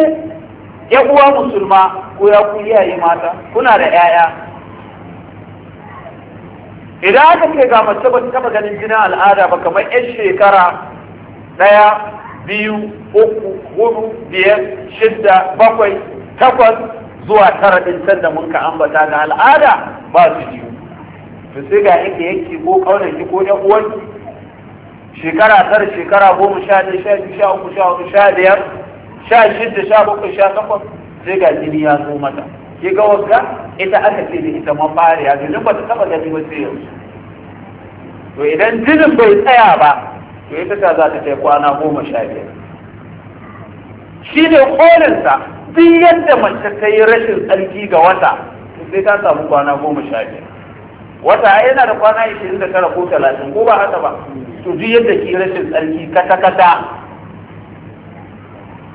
ya uwa musulma ko ya ku iyaye mata kuna da 'ya'ya idan aka ce ga mace ba ta taɓa ganin jinin al'ada ba kamar 'yan shekara ɗaya biyu uku hudu biyar shidda bakwai takwas zuwa tara ɗin can da mun ka ambata da al'ada ba su biyu to sai ga inda yake ko ki ko ɗan uwanki shekara tara shekara goma sha ɗaya sha biyu sha uku sha hudu sha biyar sha shidda sha bakwai sha takwas sai ga jini ya zo mata ke ga wagga ita aka ce da ita fariya domin ba ta taɓa gani ba sai yanzu to idan jinin bai tsaya ba to ita ta za ta kai kwana goma sha biyar shi ne kolinsa duk yadda mace ta yi rashin tsarki ga wata sai ta samu kwana goma sha biyar wata yana da kwana ishirin da tara ko talatin ko ba haka ba to duk yadda ki rashin tsarki kata kata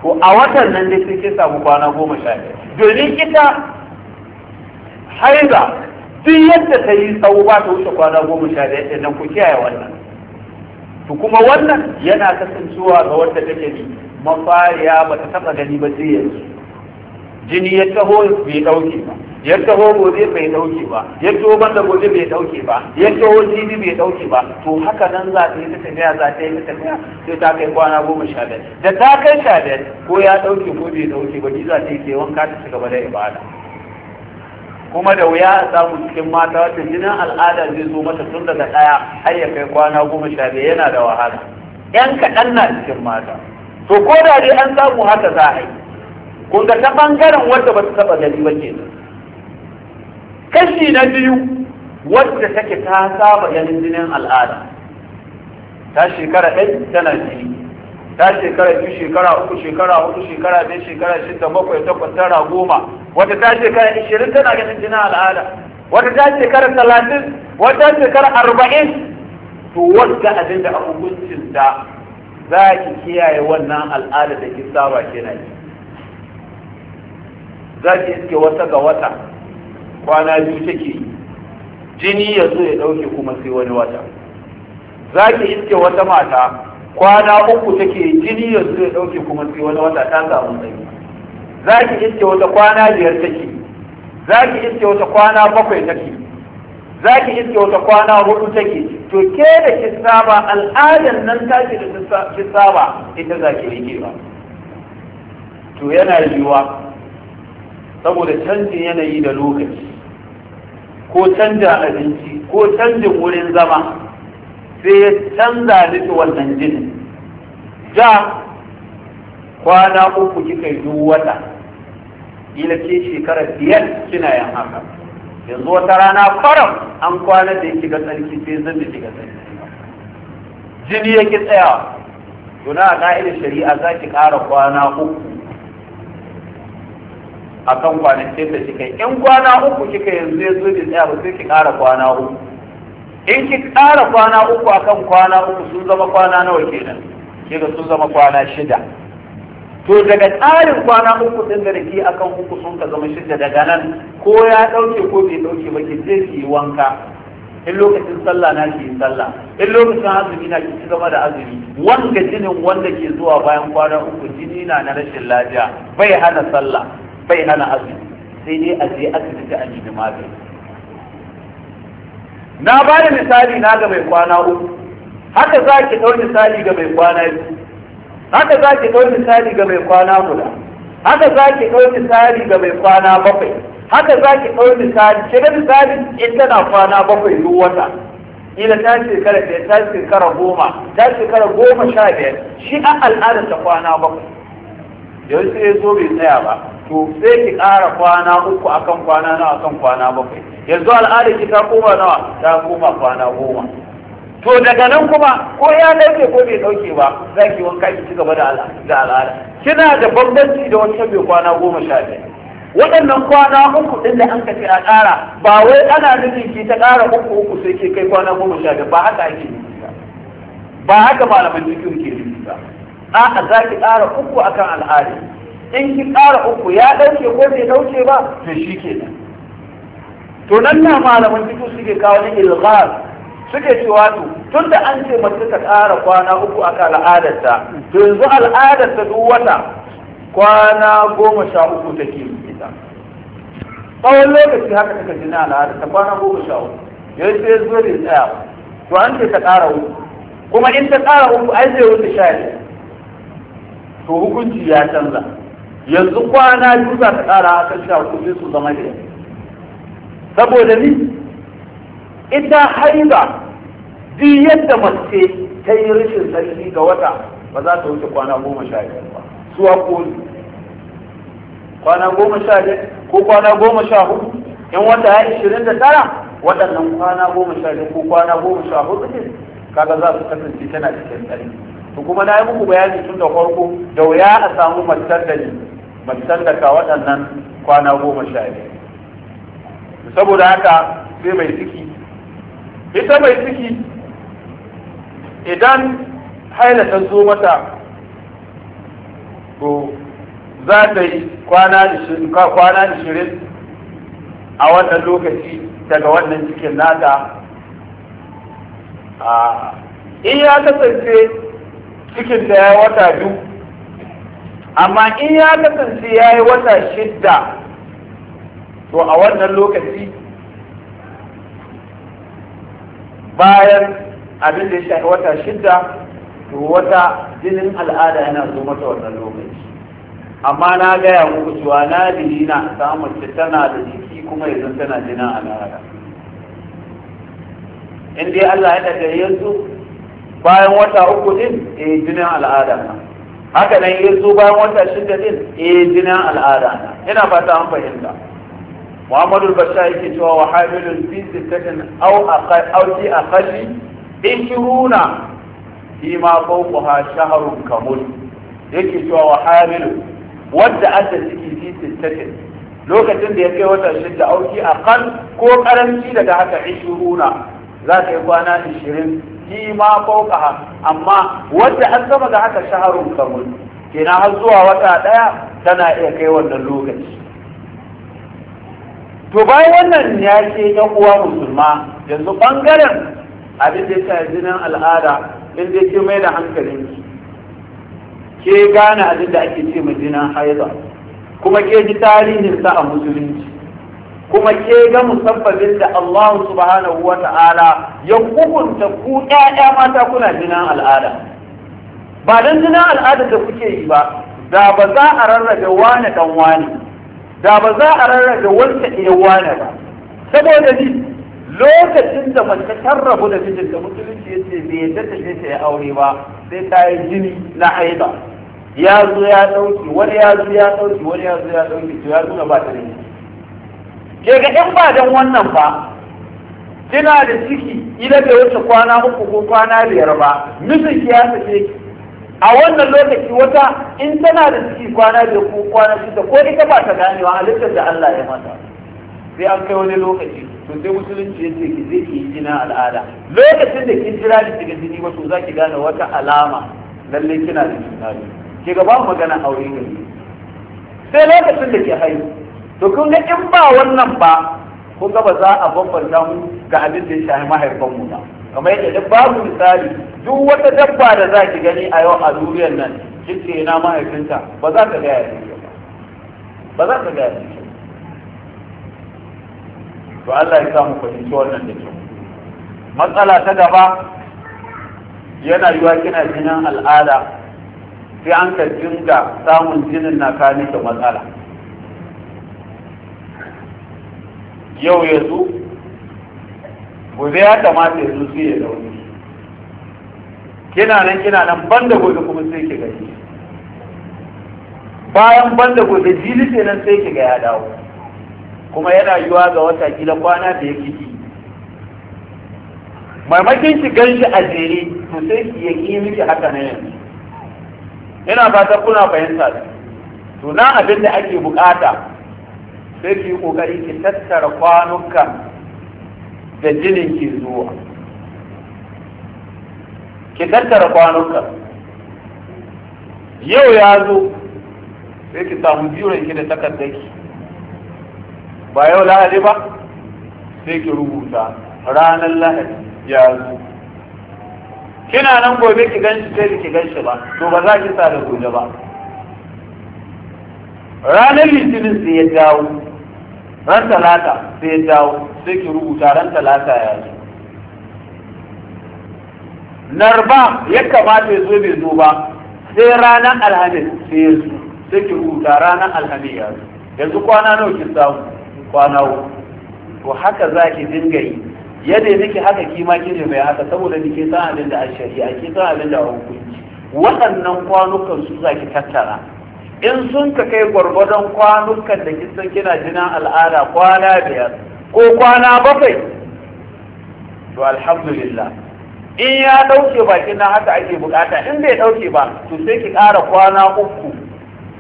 to a watan nan dai sai ke samu kwana goma sha biyar domin ita haiza duk yadda ta yi tsawo ba ta wuce kwana goma sha biyar ɗin nan ku kiyaye wannan to kuma wannan yana kasancewa ga wanda take ni mafariya ba ta taba gani ba sai yanzu jini ya taho bai dauke ba ya taho gobe bai dauke ba ya taho banda gobe bai dauke ba ya taho jini bai dauke ba to haka nan za ta yi ta tafiya za ta yi ta tafiya sai ta kai kwana goma sha biyar da ta kai sha biyar ko ya dauke ko bai dauke ba ni za ta yi wanka ta shiga gaba da ibada kuma da wuya a samu cikin mata wata jinin al'ada zai zo mata tun daga ɗaya har ya kai kwana goma sha biyar yana da wahala yan kaɗan na cikin mata to ko da dai an samu haka za a yi kun ga ta ɓangaren wanda ba su taɓa gani ba ke kashi na biyu wadda take ta saba ganin jinin al'ada ta shekara ɗaya tana jini ta shekara biyu shekara uku shekara hudu shekara biyar shekara shida bakwai takwas tara goma wata ta shekara ishirin tana ganin jina al'ada wata ta shekara talatin wata ta shekara arba'in to wanda abin da hukuncin da za ki kiyaye wannan al'ada da ki saba kina yi za ki iske wata ga wata kwana biyu take yi jini ya zo ya ɗauke kuma sai wani wata za ki iske wata mata kwana uku take jini yanzu ya dauke kuma sai wani wata ta samu tsayi za ki iske wata kwana biyar take za ki iske wata kwana bakwai take za ki iske wata kwana hudu take to ke da ki saba al'adar nan take da ki saba ita za ki rike ba to yana yiwuwa saboda canjin yanayi da lokaci ko canjin abinci ko canjin wurin zama sai ya canza nufi wannan jinin ja kwana uku kika yi duk wata ila ce shekara biyar kina yin haka yanzu wata rana faram an kwana da yake ga tsarki sai zan da shiga tsarki jini yake tsaya tuna a ka'idar shari'a za ki ƙara kwana uku a kan kwanakin da kika yi in kwana uku kika yanzu ya zo da tsaya ba sai ki ƙara kwana uku in ki ƙara kwana uku akan kwana uku sun zama kwana nawa kenan ke ga sun zama kwana shida to daga tsarin kwana uku din da ke akan uku sun ka zama shida daga nan ko ya ɗauke ko bai ɗauke ba ki je ki yi wanka in lokacin sallah na ki yi sallah in lokacin azumi na ki gaba da azumi wanda jinin wanda ke zuwa bayan kwana uku jini na na rashin lafiya bai hana sallah bai hana azumi sai dai a je asibiti a nemi magani na ba da misali na ga mai kwana uku haka za ki ɗau misali ga mai kwana biyu haka za ki ɗau misali ga mai kwana guda haka za ki ɗau misali ga mai kwana bakwai haka za ki ɗau misali Shiga ga misali in tana kwana bakwai duk wata ila ta shekara ɗaya ta shekara goma ta shekara goma sha biyar shi a al'adar ta kwana bakwai yau sai ya zo bai tsaya ba to sai ki ƙara kwana uku akan kwana na akan kwana bakwai yanzu al'adar ki ta koma nawa ta koma kwana goma to daga nan kuma ko ya ɗauke ko bai dauke ba za ki wanka ki ci gaba da al'ada kina da bambanci da wancan bai kwana goma sha biyar waɗannan kwana uku ɗin da an kace a ƙara ba wai ana nufin ki ta ƙara uku uku sai ke kai kwana goma sha ba haka ake nufi ba ba haka malaman cikin ke nufi ba a'a za ki ƙara uku akan al'ada in ki ƙara uku ya ɗauke ko bai ɗauke ba to shi kenan to nan na malaman fito suke kawo ni ilghar suke cewa to tun da an ce mace ta ƙara kwana uku aka al'adarta to yanzu al'adarta duk wata kwana goma sha uku take ita tsawon lokaci haka take jina ta kwana goma sha uku yayin sai zo da tsaya to an ce ta ƙara uku kuma in ta ƙara uku ai zai wuce sha to hukunci ya canza yanzu kwana biyu za ta ƙara kan sha uku sai su zama biyar. saboda ni ita haiba bi yadda mace ta yi rashin sarki ga wata ba za ta wuce kwana goma sha biyar ba suwa koli kwana goma sha biyar ko kwana goma sha hudu in wata ya ishirin da tara waɗannan kwana goma sha biyar ko kwana goma sha hudu ne kaga za su kasance tana cikin tsari to kuma na yi muku bayani tun da farko da wuya a samu mace da ni mace da ka waɗannan kwana goma sha biyar saboda haka sai mai ciki ita mai ciki idan haila ta zo mata to za ta yi kwana ishirin a wannan lokaci daga wannan cikin nata in ya kasance cikin da ya wata biyu amma in ya kasance ya yi wata shidda to a wannan lokaci bayan abin da ya shafi wata shidda to wata jinin al'ada yana zo mata wannan lokaci amma na gaya muku cewa na na samun tana da jiki kuma yanzu tana jinin al'ada in dai Allah ya daga yanzu bayan wata uku din e jinin al'ada na haka nan yanzu bayan wata shidda din eh jinin al'ada na ina fata an fahimta muhammadu basha yake cewa wa hamilun fi sittatin aw aqal aw fi aqalli ishruna fi ma fawqaha shahrun kamul yake cewa wa hamilun wadda adda ciki fi sittatin lokacin da ya kai wata shidda aw fi aqal ko karanci daga haka ishruna za ta yi kwana 20 fi ma amma wadda an gama da haka shahrun kamul kenan har zuwa wata ɗaya tana iya kai wannan lokaci to bayan wannan ya ce ɗan uwa musulma yanzu ɓangaren abin da ya jinin al'ada in dai ke mai da ki, ke gane abin da ake ce ma jinin haiza kuma ke ji tarihin sa a musulunci kuma ke ga musabbabin da Allah subhanahu wa ta'ala ya hukunta ku ƴaƴa mata kuna jinin al'ada ba dan jinin al'ada da kuke yi ba da ba za a rarrabe wani dan wani da ba za a rarraga wanda ya wane ba saboda ni lokacin da mace tarrabu da mijinta musulunci ya ce bai yadda ta je ta yi aure ba sai ta yi jini na haida ya zo ya ɗauki wani ya zo ya ɗauki wani ya zo ya ɗauki to ya zo ba ta ne ke ga in ba dan wannan ba kina da ciki idan da wuce kwana uku ko kwana biyar ba mijin ki ya sace ki a wannan lokaci wata in tana da ciki kwana da ku kwana shida ko ita ba ta wa, halittar da Allah ya mata sai an kai wani lokaci to sai musulunci yace ki zai ki jina al'ada lokacin da kin jira ki daga jini wato za ki gane wata alama lalle kina da cuta ne ki ga ba magana aure ne sai lokacin da ke haihu to kun ga in ba wannan ba kun ga ba za a bambanta mu ga abin da ya shafi mahaifanmu ba kamar yadda duk babu misali duk wata dabba da za ki gani a yau a duniyar nan kike na mahaifinta ba za ka gaya ya ba za ka gaya ya to Allah ya sa mu fahimci wannan da kyau matsala ta gaba yana yiwa kina jinin al'ada sai an ka dinga samun jinin na kani da matsala yau ya zo gobe ya kamata ya sai ya dauki kina nan kina nan banda gobe kuma sai ki gani bayan banda gobe jini sai nan sai ki ga ya dawo kuma yana yiwa ga wata kila kwana da yake yi maimakin ki gan shi a jere to sai ki ya yi miki haka na yanzu ina fata kuna fahimta da to na abin da ake bukata sai ki yi kokari ki tattara kwanukan da jinin ke zuwa ki tattara kwanuka yau ya zo sai ki samu biyu ki da takardaki ba yau lahadi ba sai ki rubuta ranar lahadi ya zo kina nan gobe ki shi sai ki ganshi ba to ba za ki sa da gobe ba ranar litinin sai ya dawo ran talata sai dawo sai ki rubuta ran talata ya zo narba ya kamata ya zo bai zo ba sai ranar alhamis sai ya zo sai ki rubuta ranar alhamis ya zo yanzu kwana nawa ki samu kwana uku to haka za ki dinga yi yadda nake haka kima ki ne mai haka saboda ni ke san abin da a shari'a ke san abin da a hukunci waɗannan kwanukan su za ki tattara in sun ka kai gwargwadon kwanukan da kisan kina jinan al'ada kwana biyar ko kwana bakwai to alhamdulillah in ya ɗauke bakin nan haka ake bukata in bai ɗauke ba to sai ki ƙara kwana uku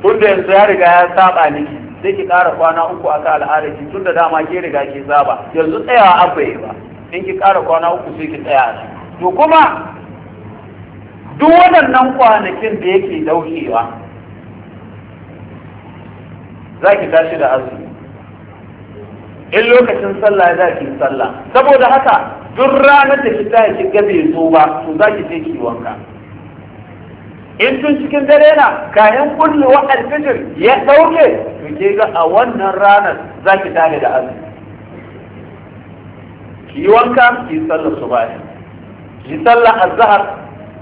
tun da yanzu ya riga ya saba niki sai ki ƙara kwana uku a kan al'adar ki tun da dama ke riga ki saba yanzu tsayawa bai ba in ki ƙara kwana uku sai ki tsaya to kuma duk waɗannan kwanakin da yake ɗaukewa za ki tashi da azumi in lokacin sallah za ki sallah saboda haka duk ranar da ki tashi ki gabe zo ba to za ki je ki wanka in tun cikin dare na kayan kulle wa alfijir ya dauke to ke ga a wannan ranar za ki tashi da azumi ki wanka ki sallar subahi ki sallar azhar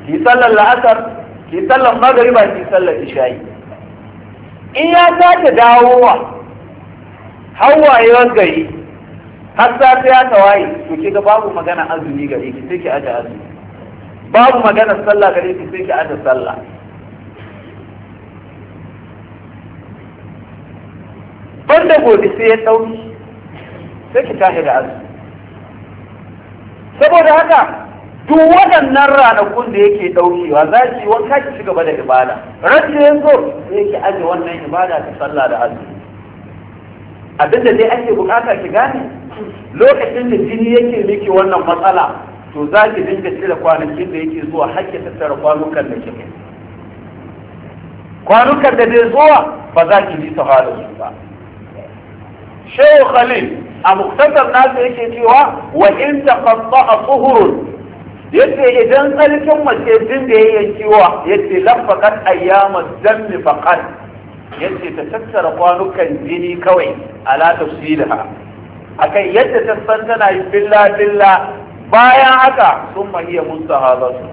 ki sallah la'asar ki sallar magriba ki sallar isha'i in ya sake dawowa hawayewar gari har safe ya tawaye to ke ga babu magana azumi gari ki sai ki aje azumi babu magana sallah gari ki sai ki aje sallah banda gobe sai ya dauki sai ki tashi da azumi saboda haka duk waɗannan ranakun da yake ɗaukewa za ki wanka ki ci gaba da ibada rashin ya zo sai ki aje wannan ibada ta sallah da azumi abin da dai ake bukata ki gane lokacin da jini yake miki wannan matsala to za ki dinga cire kwanakin da yake zuwa har ta tara kwanukan da kike kwanukan da zai zuwa ba za ki ji sahara su ba shehu khalil a muktasar nasa yake cewa wa in taqatta'a tuhurun yace idan tsarkin mace jin da yayin wa yace lam faqat ayyama dammi faqat yace ta tattara kwanukan jini kawai a ala tafsilaha akai yadda ta san tana yi billa billa bayan haka sun mahiya mustahazatu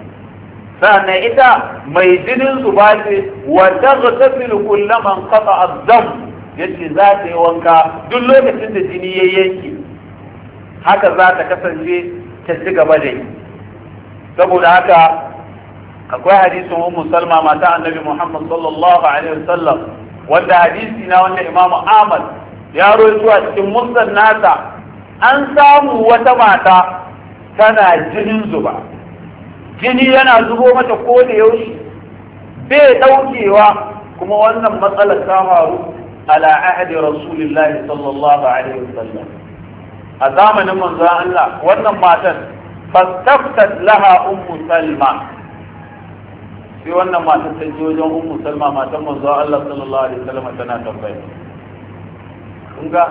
sannan ita mai jinin su ba ce wa taghtasil kullaman qata az-dam yace za ta yi wanka duk lokacin da jini ya yanki haka za ta kasance ta ci gaba da yi saboda haka akwai hadisin ummu salma mata annabi muhammad sallallahu alaihi wasallam wanda hadisi na wanda imam ahmad ya rawaito a cikin musnad nasa an samu wata mata tana jinin zuba jini yana zubo mata ko da yaushe bai daukewa kuma wannan matsalar ta faru ala ahadi rasulillahi sallallahu alaihi wasallam a zamanin manzo Allah wannan matan fastaftat laha ummu salma sai wannan matan ta je wajen ummu salma matan manzo Allah tana tambaya kun ga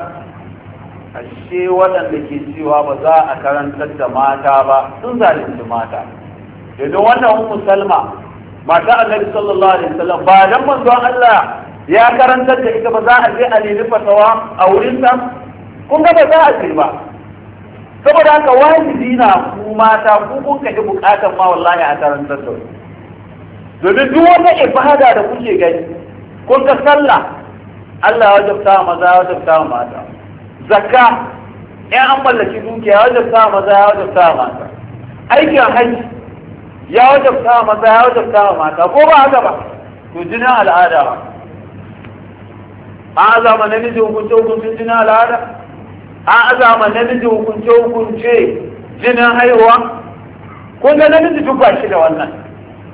ashe waɗanda ke cewa ba za a karantar da mata ba sun zalunci mata domin wannan ummu salma mata annabi sallallahu alaihi wasallam ba dan manzo Allah ya karantar da ita ba za a je a nemi a wurin sa kun ga ce ba saboda haka wajibi na ku mata ku kun kaji buƙatar ma wallahi a taron da domin duk wata ibada da kuke gani kun ka sallah Allah ya wajabta wa maza ya wajabta wa mata zakka in an mallaki dukiya ya wajabta wa maza ya wajabta wa mata aikin hajji ya wajabta wa maza ya wajabta wa mata ko ba haka ba to jinin al'ada ba a zama namiji hukuncin hukuncin jinin al'ada a azama namiji hukunce hukunce jinin haihuwa kun ga namiji duk ba shi da wannan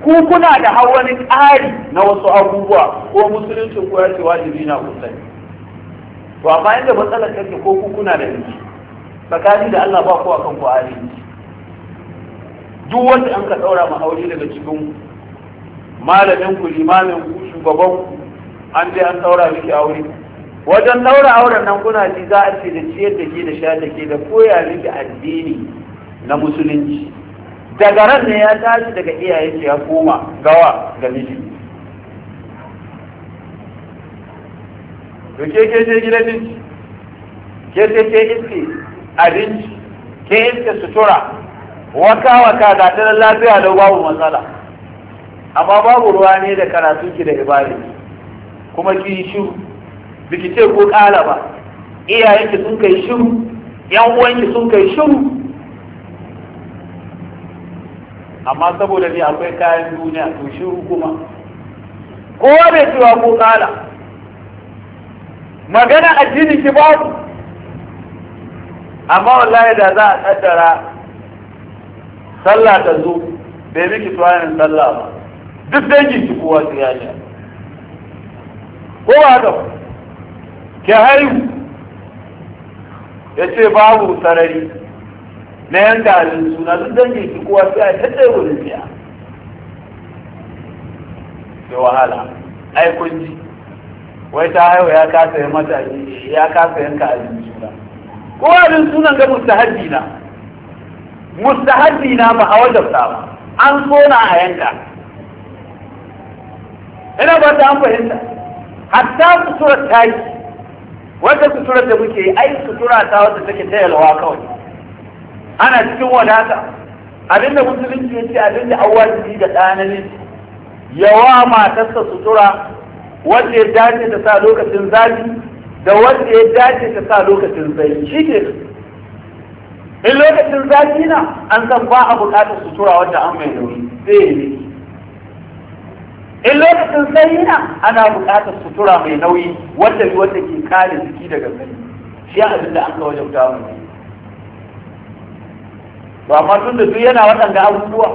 ku kuna da har tsari na wasu abubuwa ko musulunci ko ya ce wajibi na kusan to amma inda matsalar kake ko ku kuna da miji tsakani da Allah ba ku akan ku ari duk wanda an ka daura ma aure daga cikin malamin ku limamin ku shugaban ku an je an daura miki aure wajen laura auren nan kuna ji za a ce da ciyar da ke da sha da ke da koya miki addini na musulunci daga ran ne ya tashi daga iyayen ya koma gawa ga miji to ke ke ce gidan miji ke ce ke iske abinci ke iske sutura waka waka da ta lafiya da babu matsala amma babu ruwa ne da karatu ki da ibadin kuma ki shiru biki ce ko ƙala ba iyayenki sun kai shiru yan uwanki sun kai shiru amma saboda ne akwai kayan duniya to shiru kuma kowa bai cewa ko ƙala magana addini ki babu amma wallahi da za a kaddara sallah ta zo bai miki tuwanin sallah ba duk dangin ki kowa su yaji ko ba haka ki haihu ya ce babu sarari na yan garin suna duk dangin su kuwa sai a tattai wurin siya da wahala ai kun ji wai ta haihu ya kasa yin mata ya kasa yanka abin suna ko abin sunan ga mustahabbi na mustahabbi na ba a wajabta ba an so na a yanka ina ba ta an fahimta hatta su tura ta wanda suturar da muke yi, ai sutura ta wanda take ta yalwa kawai ana cikin wadata abinda musulunci ya ce abinda awwajibi da ɗananin yawa matarsa sutura wanda ya dace ta sa lokacin zafi da wanda ya dace ta sa lokacin zai shi in lokacin zafi na an san ba a buƙatar sutura wanda an mai nauyi sai in lokacin sai yana ana bukatar sutura mai nauyi wanda wanda ke kare jiki daga sanyi shi abin da an ga wajen ta mai to amma tun da duk yana waɗanda abubuwa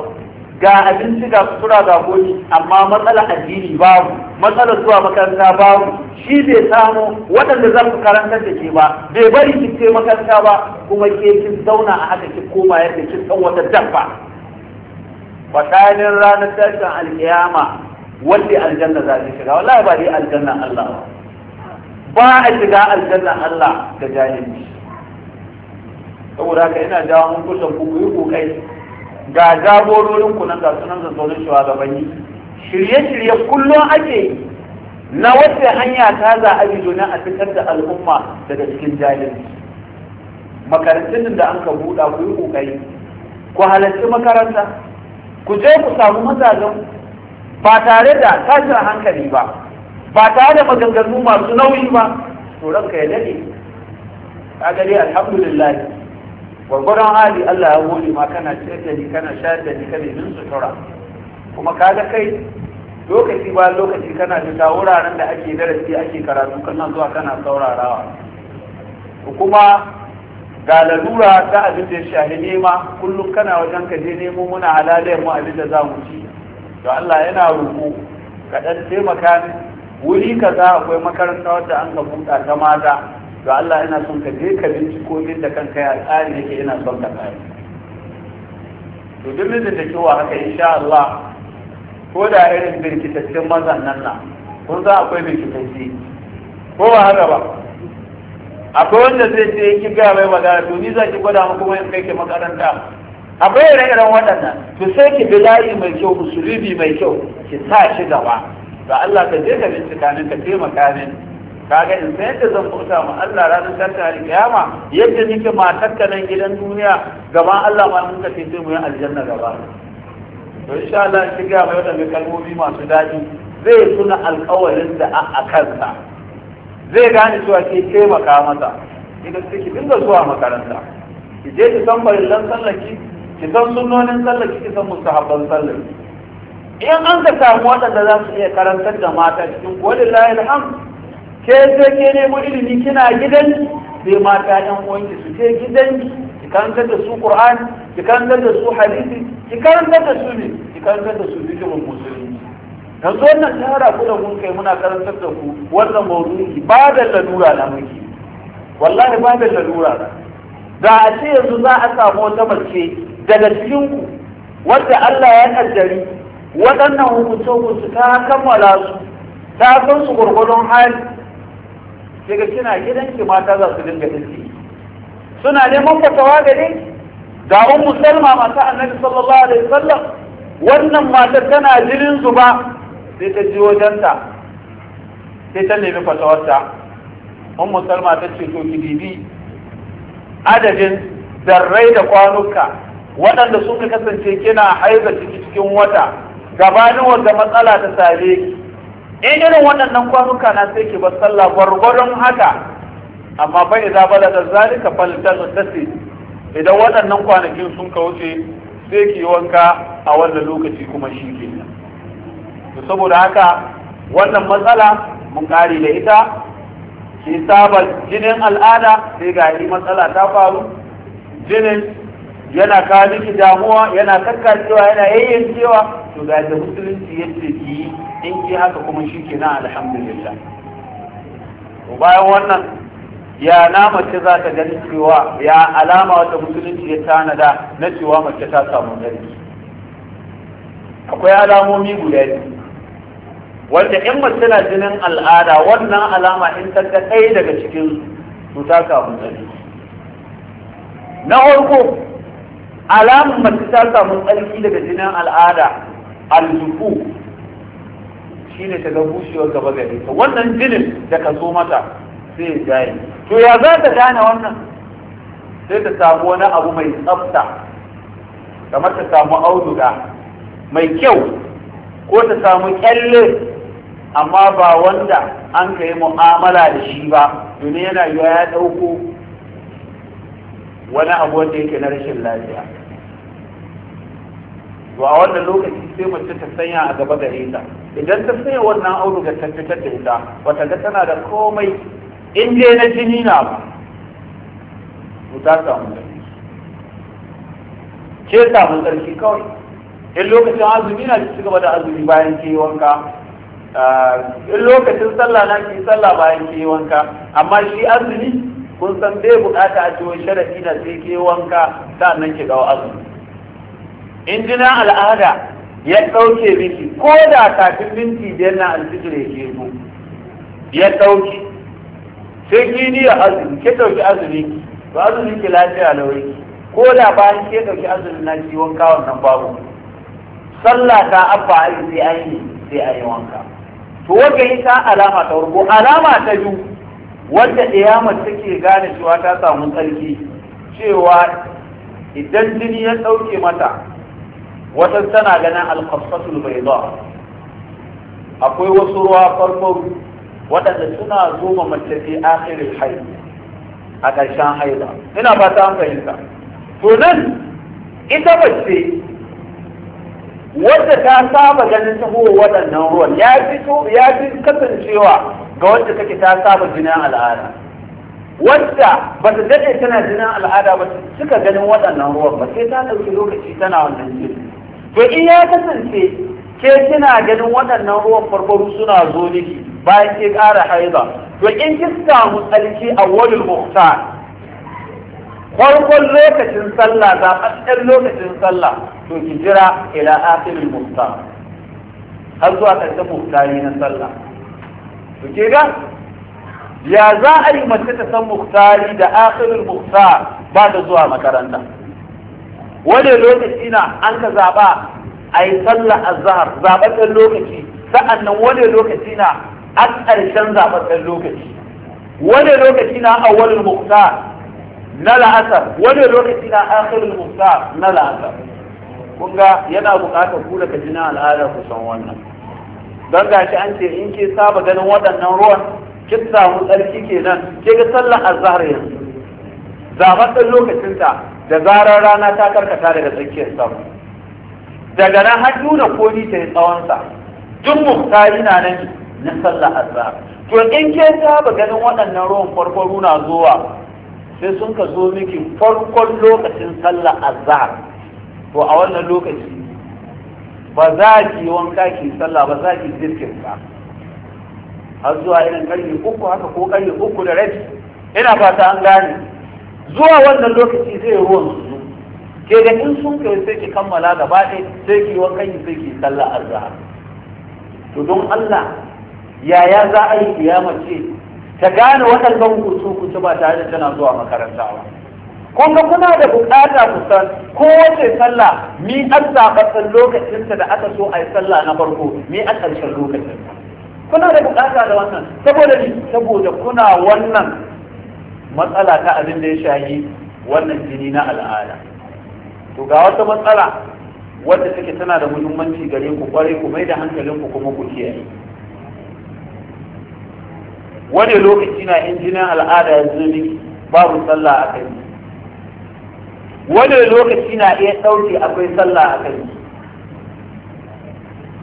ga abinci ga sutura ga goji amma matsalar addini babu matsalar zuwa makaranta babu shi bai samu waɗanda za su karantar da ke ba bai bari ki ce makaranta ba kuma ke kin zauna a haka ki koma yadda kin san wata dabba tsakanin ranar tashin alkiyama wanda aljanna za ta shiga wallahi ba dai aljanna Allah ba a shiga aljanna Allah ga jahili saboda haka ina jawo mun kusa ku yi kokari ga jagororin ku nan ga sunan gaban yi. shirye-shirye kullum ake na wacce hanya ta za a bi domin a fitar da al'umma daga cikin jahilci makarantun da an ka buɗa ku yi ƙoƙari ku halarci makaranta ku je ku samu mazajen ba tare da tashin hankali ba ba tare da maganganu masu nauyi ba to ranka ya dade ka gare alhamdulillah gwargwaron hali Allah ya gode ma kana ciyar ni kana shayar da ni kana yin sutura kuma ka ga kai lokaci ba lokaci kana fita wuraren da ake darasi ake karatu kana zuwa kana saurarawa kuma ga lalura ta abin da shahi nema kullum kana wajen ka je nemo muna halalayar mu abin da za mu ci to Allah yana roƙo ka dan taimaka ni wuri kaza akwai makaranta wadda an ka buɗa ta mata to Allah yana son ka je ka binciko da kanka ya tsari yake yana son ka tsari to duk da take wa haka insha Allah ko da irin birkitaccen mazan nan na kun za akwai birkitacce ko ba haka ba akwai wanda zai ce ki ga mai magana to ni za ki gwada muku wani kai ke makaranta akwai ire irin waɗannan to sai ki bi layi mai kyau musulmi mai kyau ki sa shi gaba To Allah ka je ka bincika min ka taimaka min kaga in san yadda zan bauta ma Allah ranar tashin alkiyama yadda nake matar ka nan gidan duniya gaba Allah ma mun ka ce sai mu yi aljanna gaba to insha Allah ki ga mai waɗannan kalmomi masu daɗi zai suna alƙawarin da a kansa zai gane cewa ke taimaka masa idan sai ki dinga zuwa makaranta ki je ki san barillan sallaki ki san sunnonin sallar ki san mustahabban sallar in an ka samu waɗanda za su iya karantar da mata cikin kodin layin ham ke sai ke nemo ilimi kina gidan sai mata ɗan uwanki su ke gidan ki karantar da su qur'ani ki karantar da su hadisi ki karantar da su ne ki karantar da su fikirin musulmi yanzu wannan tara ku da mun kai muna karantar da ku wannan mawdu'i ba da lalura na muke wallahi ba da lalura da a ce yanzu za a samu wata mace daga cikinku wanda Allah ya kaddari waɗannan hukunce ta kammala su ta san su gwargwadon hali daga kina gidanki mata za su dinga dinki suna neman fatawa gare ga ummu salma mata annabi sallallahu alaihi wasallam wannan mata tana jirin zuba sai ta ji wajenta sai ta nemi fatawarta ummu salma ta ce to ki bibi adadin darrai da kwanuka waɗanda sun suka kasance kina haiza ciki cikin wata gabanin wanda matsala ta same ki in irin waɗannan kwanuka na sai ki bar sallah gwargwaron haka amma bai da zalika faltar tasi idan waɗannan kwanakin sun ka wuce sai ki yi wanka a wannan lokaci kuma shi kenan saboda haka wannan matsala mun kare da ita ke saba jinin al'ada sai ga matsala ta faru jinin yana kawo miki damuwa yana kakkacewa yana cewa, to ga da musulunci yadda ki yi in ki haka kuma shi ke na alhamdulillah bayan wannan ya na mace za ta gani cewa ya alama wata musulunci ya tanada na cewa mace ta samu sarki akwai alamomi guda biyu wanda in mace na jinin al'ada wannan alama in ta ɗaya daga cikin su ta samu sarki na farko alamun mace ta samu tsarki daga jinin al'ada shi shine ta ga bushewar gaba gare ta wannan jinin da ka zo mata sai ya jaye to ya za ta gane wannan sai ta samu wani abu mai tsafta kamar ta samu auduga mai kyau ko ta samu kyalle amma ba wanda an ka yi mu'amala da shi ba domin yana yiwa ya ɗauko wani abu wanda yake na rashin lafiya to a wannan lokaci sai mace ta sanya a gaba gare ta idan ta sanya wannan auduga ta fitar da ita wata ga tana da komai in dai na jini na ba mu ta samu Ke samu tsarki kawai in lokacin azumi na ci gaba da azumi bayan ke wanka ah, in lokacin sallah na ke sallah bayan ke wanka amma shi azumi kun san bai bukata a ciwo sharadi na sai ke wanka nan ki gawa azumi in na al'ada ya ɗauke miki ko da kafin minti biyar na alfijir ya ke zo ya ɗauke sai ki ni ya azumi ke ɗauki azumi ki to azumi ki lafiya lauri ko da bayan ke ɗauki azumi na ki wanka wannan babu sallah ta abba ai sai ai sai ai wanka to wajen ta alama ta wurgo alama ta biyu wanda ɗiyamar take gane cewa ta samu tsarki cewa idan jini ya ɗauke mata wata tana ganin alkafasul bai zuwa akwai wasu ruwa farko waɗanda suna zo ma mace fi akhirin haihu a ƙarshen haila ina ba ta fahimta to nan ita mace wadda ta saba ganin taho waɗannan ruwan ya fi kasancewa ga wanda take ta saba jinin al'ada wanda ba ta daɗe tana jinin al'ada ba suka ganin waɗannan ruwan ba sai ta ɗauki lokaci tana wannan jini to in ya kasance ke kina ganin waɗannan ruwan farfaru suna zo miki bayan ke ƙara haiza to in ki samu tsarki a wani muhtar farkon lokacin sallah zaɓaɓɓen lokacin sallah to ki jira ila akhirul muhtar har zuwa ƙarshen muhtari na sallah to ke ga ya za a yi mace ta san muktari da akhirul muktar ba da zuwa makaranta wani lokaci na an ka zaɓa a yi sallah azhar zaɓaɓɓen lokaci sa'an nan wani lokaci na a ƙarshen zaɓaɓɓen lokaci wani lokaci na awwalul muktar na la'asar wani lokaci na akhirul muktar na la'asar kun ga yana buƙatar ku da kajina al'ada ku san wannan don gashi an ce in ke saba ganin waɗannan ruwan kin samu tsarki kenan ke ga sallar azhar yanzu zaɓar ɗin lokacinta da zarar rana ta karkata daga tsakiyar samu daga nan har nuna koli ta yi tsawonsa duk muhtari na nan na sallar azhar to in ke saba ganin waɗannan ruwan farko na zuwa sai sun ka zo miki farkon lokacin sallar azhar to a wannan lokaci ba za ki wanka ki sallah ba za ki zikir ba har zuwa irin karfe uku haka ko karfe uku da rabi ina fata an gane zuwa wannan lokaci zai ruwan su ke da in sun kai sai ki kammala gaba ɗaya sai ki wankan ki sai ki sallah azhar to don Allah yaya za a yi kiyama ce ta gane waɗannan kusu kuce ba tare da tana zuwa makaranta ba kun kuna da bukata ku san kowace sallah mi an lokacin ta da aka so a yi sallah na farko mi an ƙarshen lokacin kuna da bukata da wannan saboda ni saboda kuna wannan matsala ta abin da ya shayi wannan jini na al'ada to ga wata matsala wadda take tana da muhimmanci gare ku kware ku mai da hankalinku kuma ku kiyaye wani lokaci na injinin al'ada ya zo miki babu sallah a kai wani lokaci na iya ɗauke akwai sallah a kai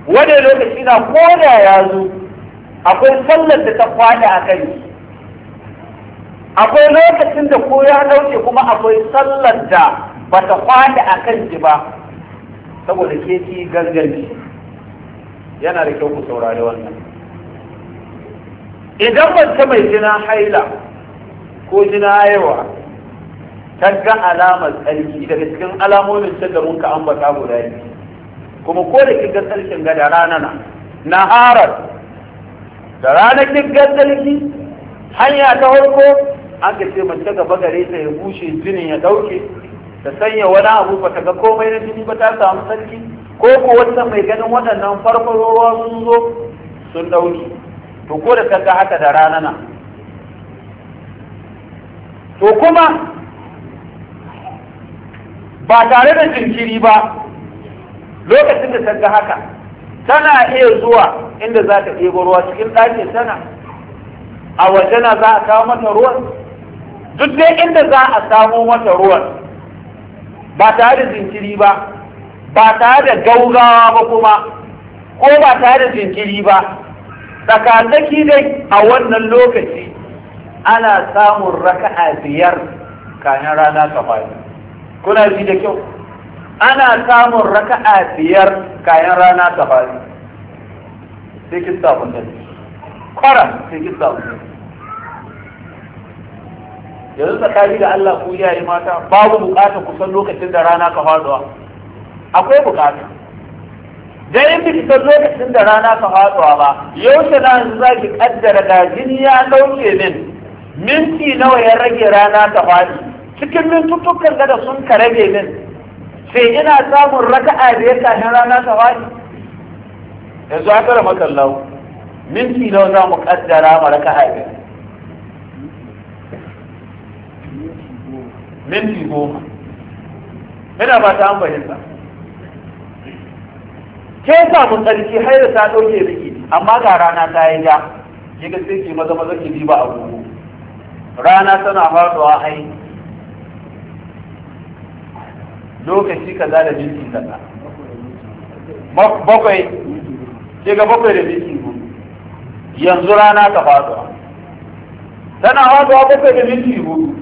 wani lokaci na kone ya zo akwai sallar da ta kwada a kai akwai lokacin da ko ya ɗauke kuma akwai sallar da ba ta kwada a kan ji ba saboda ke ci ganganci yana da kyau ku saurari wannan idan ban ta mai jina haila ko jina yawa ta ga alamar tsarki daga cikin alamomin ta mun ka ambata guda biyu kuma ko da kiga tsarkin ga da rana na naharar da rana kin ga tsarki hanya ta farko an ka ce mace gaba gare ta ya bushe jinin ya dauke ta sanya wani abu ba ta ga komai na jini ba ta samu tsarki ko ko wannan mai ganin waɗannan farfarowa sun zo sun ɗauki to ko da kaga haka da rana na to kuma ba tare da jinkiri ba lokacin da ta ga haka tana iya zuwa inda za ta ɗebo ruwa cikin ɗakin tana a waje na za a kawo mata ruwan duk dai inda za a samo mata ruwan ba tare da jinkiri ba ba tare da gaugawa ba kuma ko ba tare da jinkiri ba tsakanaki dai a wannan lokaci ana samun raka'a biyar kayan rana ta faɗi kuna ji da kyau ana samun raka'a biyar kayan rana ta fari sai kin sa kunnan kwara sai kin sa kunnan yanzu tsakani da Allah ku yi mata babu bukata kusan lokacin da rana ka faduwa akwai bukata dan in biki ta lokacin da rana ka faduwa ba yaushe na yanzu za ki kaddara ga jini ya dauke min minti nawa ya rage rana ta fadi cikin mintutukan da sun ka rage min sai ina samun raka'a da ya kashin rana ta faɗi yanzu a kara makallau minti nawa za mu kaddara ma raka'a biyar minti goma ina ba ta an fahimta ke samu tsarki haira ta ɗauke riki amma ga rana ta yi ja ki ga sai ke maza maza ki ba gugu rana tana faɗuwa ai lokaci kaza da minti kaza bakwai sai ga bakwai da minti yanzu rana ta faɗo. tana a bakwai da minti hudu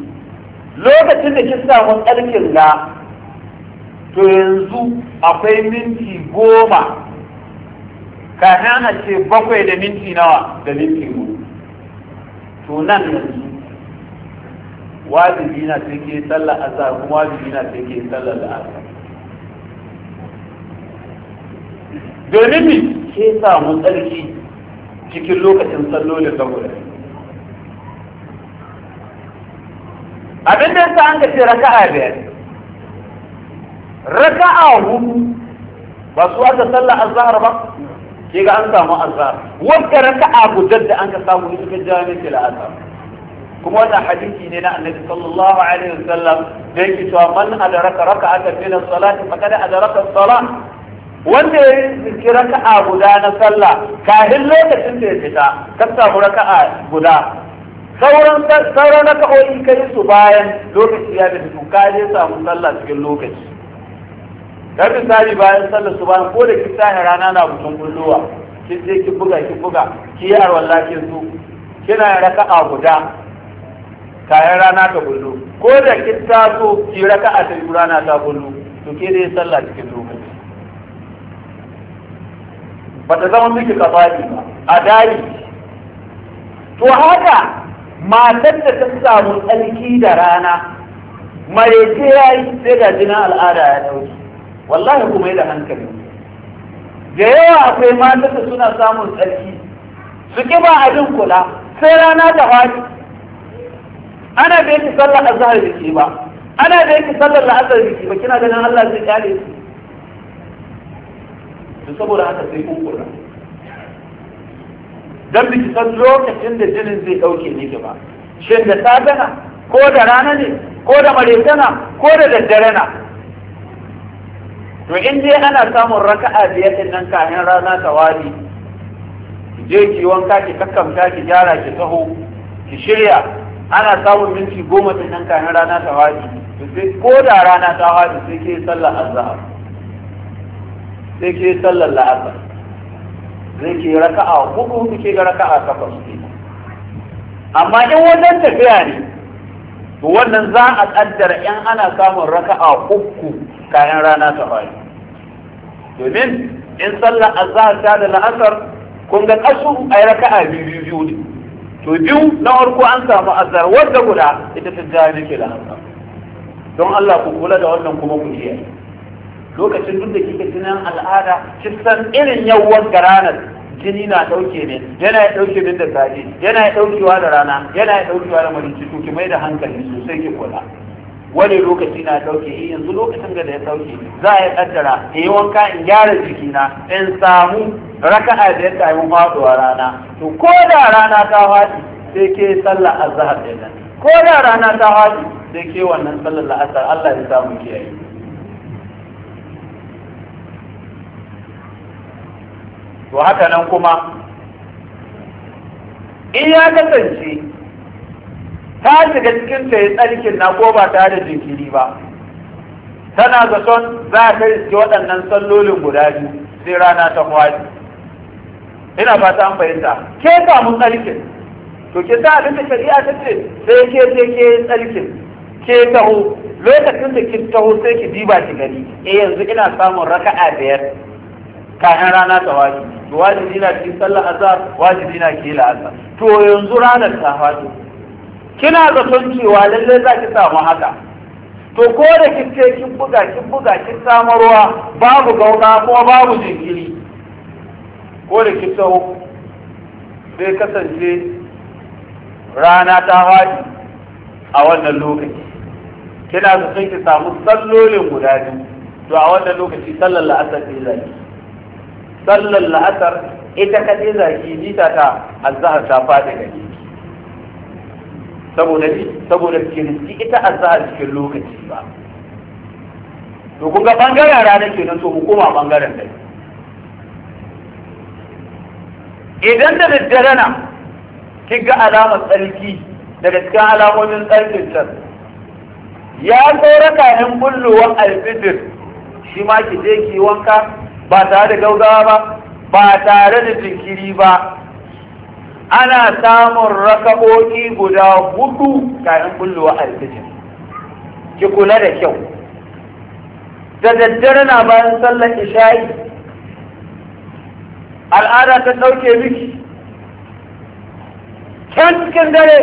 lokacin da kin samu ƙarfin ga to yanzu akwai minti goma kafin a ce bakwai da minti nawa da minti hudu to nan yanzu wajibi na sai ke sallar asar kuma wajibi na sai ke sallar la'asar domin mi ke samu tsarki cikin lokacin sallolin saboda abin da yasa an ka ce raka'a biyar raka'a hudu ba su aka sallar azhar ba ke ga an samu azhar wadda raka'a guda da an ka samu ne suka jami'a la'asar kuma wannan hadisi ne na annabi sallallahu alaihi wasallam da yake cewa man adraka raka'atan min as-salati faqad adraka as-salah wanda ya yi raka'a guda na sallah kafin lokacin da ya fita ka samu raka'a guda sauran sauran raka'o'i ka yi su bayan lokaci ya fita ka je samu sallah cikin lokaci kar misali bayan sallah su bayan ko da ki kisa rana na butun kullowa kin je ki buga ki buga ki yi arwalla kin su kina raka'a guda kayan rana ta kullu ko da kin taso ki a ta rana ta kullu to ke dai sallah cikin lokaci ba ta zama miki kafari ba a dari to haka matar da ta samu tsarki da rana mai ce ya yi sai ga jina al'ada ya ɗauki wallahi kuma yi da hankali da yawa akwai matar da suna samun tsarki su kiba ba abin kula sai rana ta faɗi ana da yake sallar azhar da ke ba ana da yake sallar la'asar da ke ba kina ganin Allah zai kare su saboda haka sai kunkura don biki san lokacin da jinin zai ɗauke ke ba shin da sadana ko da rana ne ko da maretana ko da daddare na to in dai ana samun raka'a biyar yake nan kafin rana ta wari je ki wanka ki kakkamta ki gyara ki taho ki shirya ana samun minti goma din nan kayan rana ta hadi sai ko da rana ta hadi sai ke sallar azhar sai ke sallar la'asar zai ke raka'a hudu hudu ke ga raka'a takwas ke amma in wajen tafiya ne to wannan za a kaddara in ana samun raka'a uku kayan rana ta hadi domin in sallar azhar ta da la'asar kun ga kasu yi raka'a biyu biyu ne to biyu na farko an samu azar wadda guda ita ta jari ke da hanka don Allah ku kula da wannan kuma ku iya lokacin duk da kike tunan al'ada kisan irin yawon garanar jini na ɗauke ne yana ya ɗauke min da safe yana ya ɗaukewa da rana yana ya ɗaukewa da marinci to ki mai da hankali sosai ki kula wani lokaci na dauke yi yanzu lokacin da ya sauke za a yi kaddara da yi wanka in gyara jikina in samu raka'a da ya sami faduwa rana to ko da rana ta faɗi sai ke sallar azhar da nan ko da rana ta faɗi sai ke wannan sallar la'asar Allah ya samu kiyaye to haka nan kuma in ya kasance ta shiga cikin ta tsarkin na ko ba tare da jinkiri ba tana da son za ta riske waɗannan sallolin guda biyu sai rana ta kwaji ina fata an fahimta ke samu tsarkin to ke sa abin da shari'a ta ce sai ke sai ke tsarkin ke taho lokacin da kin taho sai ki diba ki gani eh yanzu ina samun raka'a biyar kafin rana ta waji to wajibi na ki sallar azhar wajibi na ki azhar to yanzu ranar ta faɗo kina zaton cewa lalle za ki samu haka to ko da ce kin buga kin buga kin samu ruwa babu gauka ko babu jinkiri ko da ki so sai kasance rana ta waje a wannan lokaci kina zaton ki samu sallolin guda biyu to a wannan lokaci sallar la'asar ke zaki sallar la'asar ita kaɗai zaki jita ta azahar ta faɗi gari saboda saboda kirki ita a a cikin lokaci ba to kun ga bangaren ke kenan to mu koma bangaren dai idan da daddare na kin ga alamar tsarki daga cikin alamomin tsarkin can ya tsora kayan bullowar alfitir shi ma ki je ki wanka ba tare da gaugawa ba ba tare da jinkiri ba ana samun rakaboki guda hudu kayan kullowa rikicin ki kula da kyau da daddare na bayan sallar isha'i al'ada ta ɗauke miki can cikin dare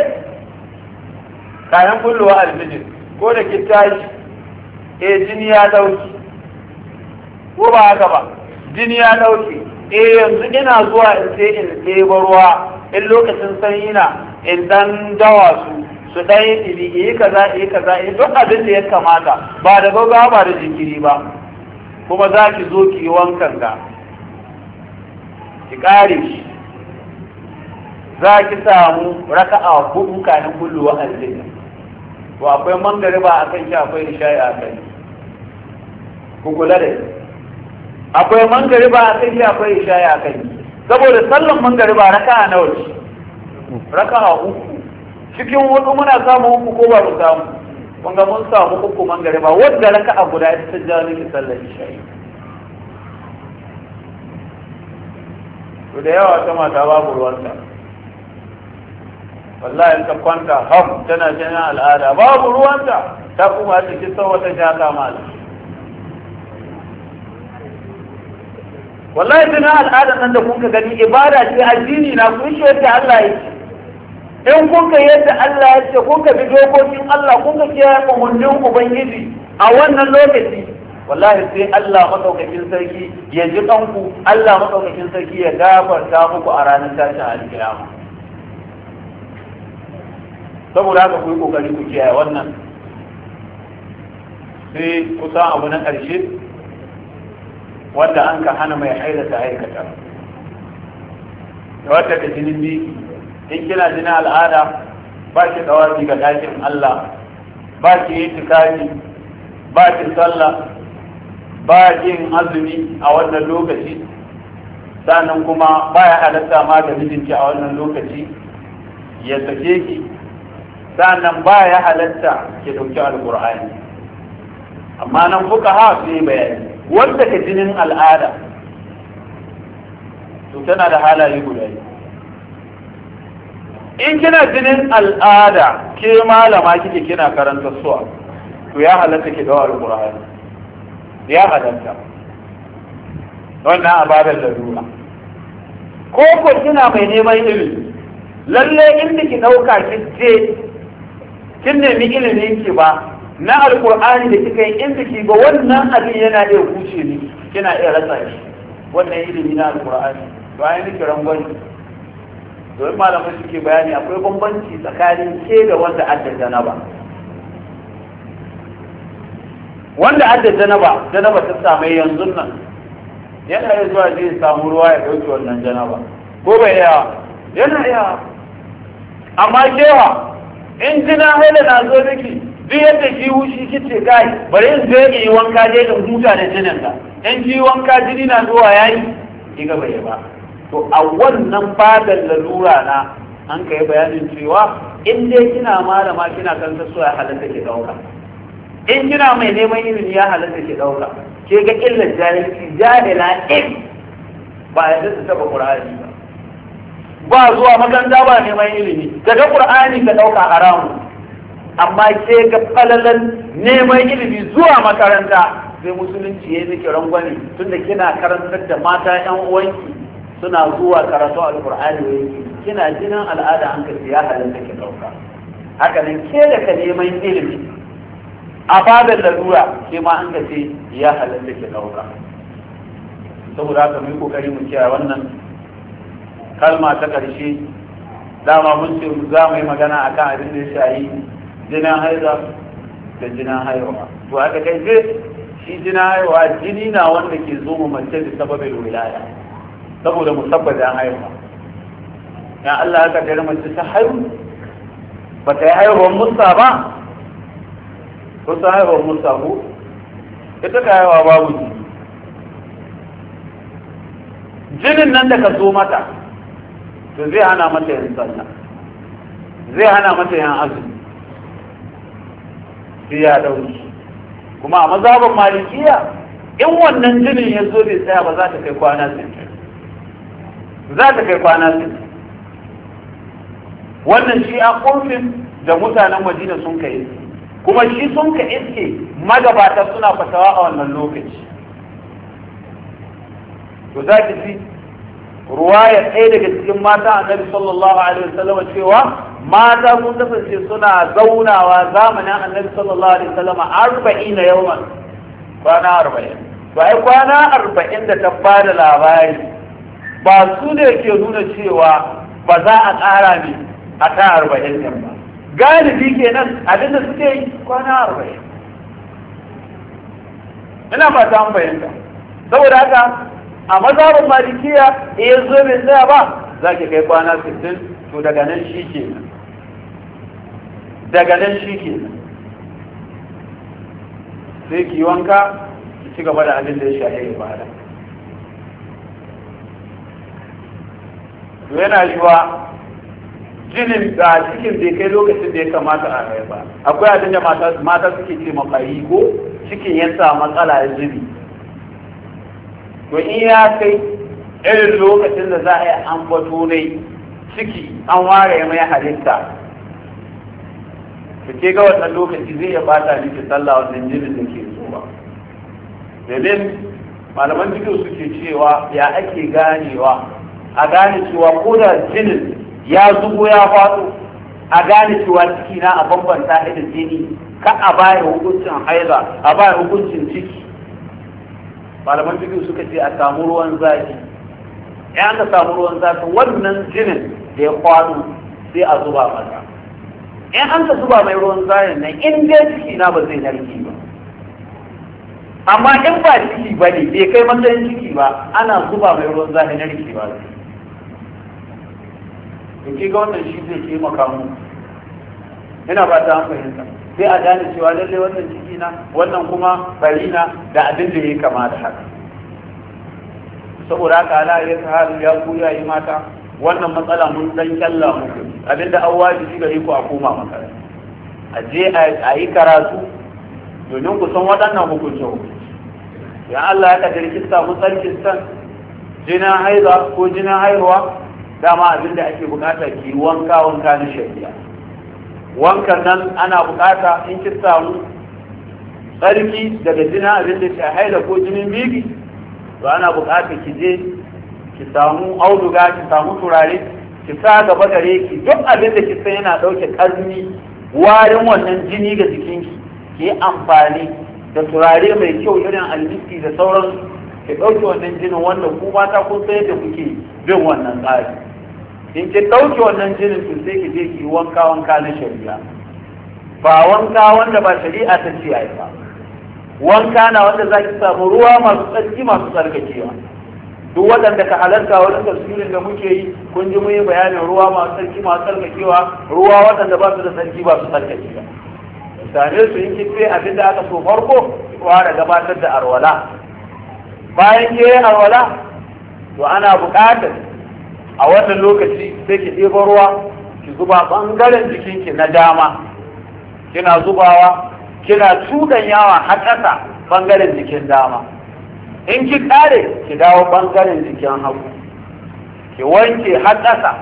kayan kullowa rikicin ko da ki tashi e jini ya ɗauki ko ba haka ba jini ya ɗauki. e eh, yanzu ina zuwa in sai in ɗebo ruwa in lokacin sanyi na in dan dawa su su dan yi ɗiri yi kaza yi kaza yi duk abin da ya kamata ba da gaugawa ba da jinkiri ba kuma za ki zo ki yi wankan ga ki ƙare shi za ki samu a hudu kanin kullu wa aljanna to akwai a kan shi akwai a akan ku kula da akwai ba a kan shi akwai isha'i akan shi saboda sallan ba raka a nawa ce a uku cikin hudu muna samu uku ko ba mu samu mun ga mun samu uku wadda raka a guda ita ta jami ki sallan isha'i to da yawa ta mata babu ruwanta wallahi ta kwanta ham tana jana al'ada babu ruwanta ta kuma a cikin sau wata jaka malam wallahi na al'ada nan da kuka gani ibada ce addini na kun shi yadda Allah ya ce in kuka yadda Allah ya ce kuka bi dokokin Allah kuka kiyaye umurnin ubangiji a wannan lokaci wallahi sai Allah madaukakin sarki ya ji kanku Allah madaukakin sarki ya gafarta muku a ranar tashin alkiyama saboda haka ku yi kokari ku kiyaye wannan sai kusa abu na ƙarshe wanda an ka hana mai haida ta aikata da wata ka jinin in kina jinin al'ada ba ki tsawafi ga ɗakin Allah ba ki yi tikari ba ki sallah ba yin azumi a wannan lokaci sannan kuma ba ya halatta ma da mijinki a wannan lokaci ya sake ki sannan ba ya halatta ki ɗauki alƙur'ani amma nan kuka ha su yi bayani wanda ka jinin al'ada to tana da halaye guda biyu in kina jinin al'ada ke malama kike kina karanta suwa to ya halatta ki dawo alqur'ani ya halatta wannan da lalura ko ko kina mai neman ilimi lalle inda ki dauka ki je kin nemi ilimin ki ba na alkur'ani da kika yi in biki ba wannan abin yana iya kuce ni kina iya rasa shi wannan ilimi na alkur'ani bayan nake rangwani domin malamai suke bayani akwai bambanci tsakanin ke da wanda na ba wanda adda janaba janaba ta same yanzu nan yana iya zuwa je samu ruwa ya dauki wannan janaba ko bai yawa? yana iya amma kewa in jina haila na zo miki duk yadda shi wushi ce kai bari in zai yi wanka je da huta da jinin ka in ji wanka jini na zuwa yayi ki ga bai ba to a wannan fadar lalura na an kai bayanin cewa in dai kina malama kina kan so ya halatta ki dauka in kina mai neman ilimi ya halatta ki dauka ke ga illar jahilci jahila in ba ya su taba qur'ani ba ba zuwa makaranta ba neman ilimi daga qur'ani ka dauka haramu amma ke ga falalan neman ilimi zuwa makaranta sai musulunci ya yi miki rangwani tunda kina karantar da mata yan uwanki suna zuwa karatu alkur'ani ne kina jinin al'ada an ka ya halin da ke dauka haka nan ke da ka neman ilimi a babin lalura ke ma an ya halin da ke dauka saboda haka mu yi kokari mu kiyaye wannan kalma ta karshe dama mun ce za mu yi magana akan abin da ya shayi jina haida da jina haihuwa to haka kai ce shi jina haihuwa jini na wanda ke zo mu mace da sababin wilaya saboda musabbadan haihuwa ya Allah haka kai mace ta haihu ba ta yi haihuwar musa ba ko ta haihuwar musa ko ita ka haihuwa babu jini jinin nan da ka zo mata to zai hana mata yin sallah zai hana mata yin azumi sai ya ɗauki kuma a mazhabin malikiya in wannan jinin ya zo bai tsaya ba za ta kai kwana sittin za ta kai kwana sittin wannan shi a kurfin da mutanen majina sun ka iske kuma shi sun ka iske magabata suna fasawa a wannan lokaci to za ki ruwayar ɗaya daga cikin mata annabi sallallahu alaihi wasallam cewa mata mun kasance suna zaunawa zamanin annabi sallallahu alaihi wasallam arba'ina yawman kwana arba'in to ai kwana arba'in da ta bada labari ba su ne ke nuna cewa ba za a ƙara ne a ta arba'in ba galibi kenan abin da suke yi kwana arba'in ina fata an fahimta saboda haka a mazhabin malikiya in ya zo bai tsaya ba za ki kai kwana 60 to daga nan shi ke nan daga nan shi ke nan sai ki wanka ki ci gaba da abin da ya shahe ibada to yana yiwa jinin da cikin bai kai lokacin da ya kamata a ba akwai abin da mata suke ce makari ko cikin ya matsala ya zubi to in ya kai irin lokacin da za a yi ambato ne ciki an ware mai halitta ke ga wannan lokaci zai iya bata miki sallah wannan jinin da ke zuwa domin malaman jikin suke cewa ya ake ganewa a gane cewa ko da jinin ya zubo ya faɗo a gane cewa ciki na a bambanta irin jini ka a bayan hukuncin haila a bayan hukuncin ciki malaman fiƙi suka ce a samu ruwan zafi ya aka samu ruwan zafi wannan jinin da ya kwano sai a zuba masa in an ka zuba mai ruwan zafi, nan in dai ciki na ba zai narke ba amma in ba ciki ba ne bai kai matsayin ciki ba ana zuba mai ruwan na narke ba zai ga wannan shi zai taimaka mu ina ba ta an fahimta sai a gane cewa lallai wannan ciki na wannan kuma fari na da abin da ya kama da haka saboda haka ala ya sahalu ya ku ya yi mata wannan matsala mun dan kyalla muku abinda an wajibi gare ku a koma makaranta a je a yi karatu domin ku san waɗannan hukuncin hukunci ya Allah ya kaddara kissa tsarki san jina haiza ko jina haihuwa dama abinda ake bukata ki wanka wanka na shari'a wankan nan ana bukata in ki samu tsarki daga jina abin da ke haila ko jinin bibi to ana bukata ki je ki samu auduga ki samu turare ki sa gaba gare ki duk abin da ki san yana dauke karni warin wannan jini ga jikinki ki yi amfani da turare mai kyau irin aljiski da sauransu ki dauke wannan jinin wanda ku mata kun sayar da kuke bin wannan tsari in ki ɗauke wannan jinin su sai ki je ki wanka wanka na shari'a ba wanka wanda ba shari'a ta ce ai ba wanka na wanda za ki samu ruwa masu tsarki masu tsarkakewa duk waɗanda ka halarta wani tafsirin da muke yi kun ji yi bayanin ruwa masu tsarki masu tsarkakewa ruwa waɗanda ba su da tsarki ba su tsarkakewa same su in kife abin da aka so farko fara gabatar da arwala bayan ke arwala to ana buƙatar a wannan lokaci sai ki ɗebo ruwa ki zuba ɓangaren jikinki na dama kina zubawa kina tuɗan yawa har ƙasa ɓangaren jikin dama in ki ƙare ki dawo ɓangaren jikin hagu ki wanke har ƙasa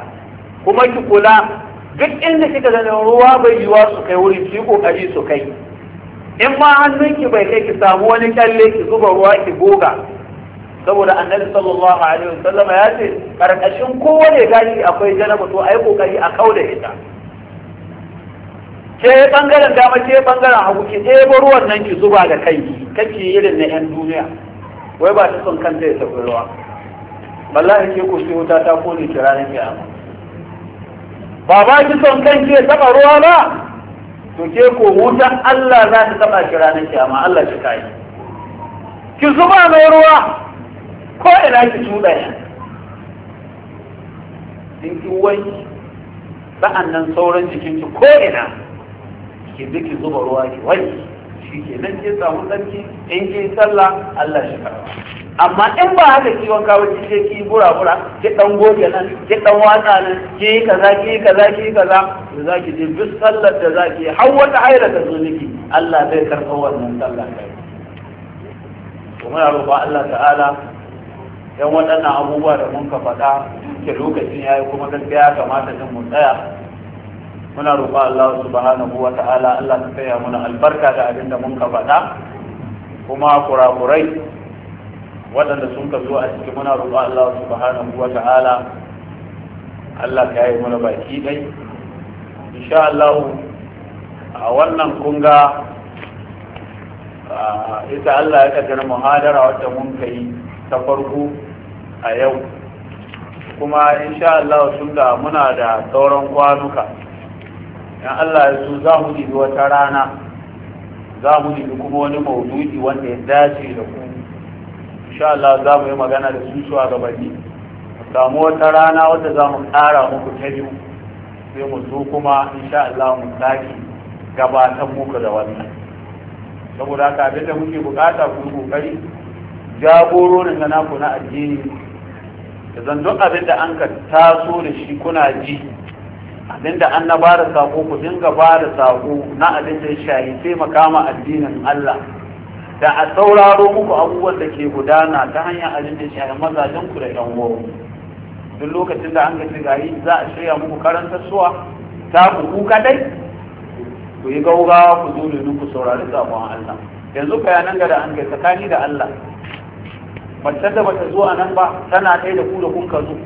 kuma ki kula duk inda kika ganin ruwa bai yiwa su kai wuri ki kokari su kai in ma hannunki bai kai ki samu wani kyalle ki zuba ruwa ki goga saboda annabi sallallahu alaihi wasallam ya ce karkashin kowane gashi akwai janaba to ai kokari a kauda ita ke bangaren dama ke bangaren hagu ki ɗebo ruwan nan ki zuba da kai kake irin na yan duniya wai ba ta son kanta ya tafi ruwa wallahi ke ku sai wuta ta kone ki ranar kiyama ba ba ki son kan ke taba ruwa ba to ke ko wutan Allah za ta taba ki ranar kiyama Allah ki kai ki zuba mai ruwa ko ina ki cuɗaya in ki wanki sa'an nan sauran jikinki ko ina ki bi ki zuba ruwa ki wanki shi ke nan ke samu tsarki in ki sallah Allah shi karba amma in ba haka ki wanka ba ki ce ki bura-bura ki dan goge nan ki dan watsa nan ki yi kaza ki yi kaza ki yi kaza da za ki je duk sallar da za ki yi har wata haira ta zo miki Allah zai karɓa wannan sallar kai. Kuma ya roƙa Allah ta'ala yan waɗannan abubuwa da mun ka faɗa ke lokacin ya yi kuma gaskiya ya kamata jin mu tsaya muna roƙo Allah subhanahu wa ta'ala Allah ta tsaya muna albarka da abin da mun ka faɗa kuma kurakurai waɗanda sun ka zo a ciki muna roƙo Allah subhanahu wa ta'ala Allah ka yi muna baki dai insha Allah a wannan kunga ita Allah ya kaddara muhadara wadda mun kai ta farko a yau kuma insha Allah sun da muna da sauran kwanuka in Allah ya so za mu ɗibi wata rana za mu ɗibi kuma wani maududi wanda ya dace da ku insha Allah za mu yi magana da su shugabanni samu wata rana wadda za mu ƙara muku ta biyu sai mu zo kuma insha Allah mu sake gabatar muku da wannan saboda haka abinda muke bukata ku yi kokari jagororin na naku na addini da zan duk abin da an ka taso da shi kuna ji abin da an na bada sako ku dinga ba da sako na abin da ya shayi sai makama addinin Allah da a sauraro muku abubuwan da ke gudana ta hanyar abin da ya shayi mazajen ku da yan uwanku duk lokacin da an ka ci gari za a shirya muku karanta suwa ta ku ku kadai ku yi gaugawa ku zo da ku saurari sakon Allah yanzu bayanan ga da an kai tsakani da Allah macen da bata zo a nan ba tana ɗaya da ku da kun ka zo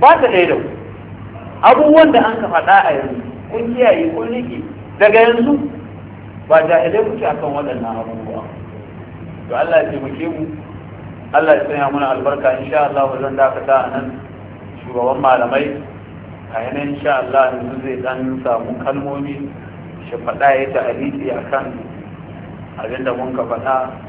ba ta ɗaya da ku abubuwan da an ka faɗa a yanzu kun kiyaye kun riƙe daga yanzu ba jahilai kuke akan waɗannan abubuwa to Allah ya taimake mu Allah ya sanya mana albarka insha Allah ba zan dakata a nan shugaban malamai a yanayin insha Allah yanzu zai dan samu kalmomi shi faɗa ya ta aliki akan abinda mun ka faɗa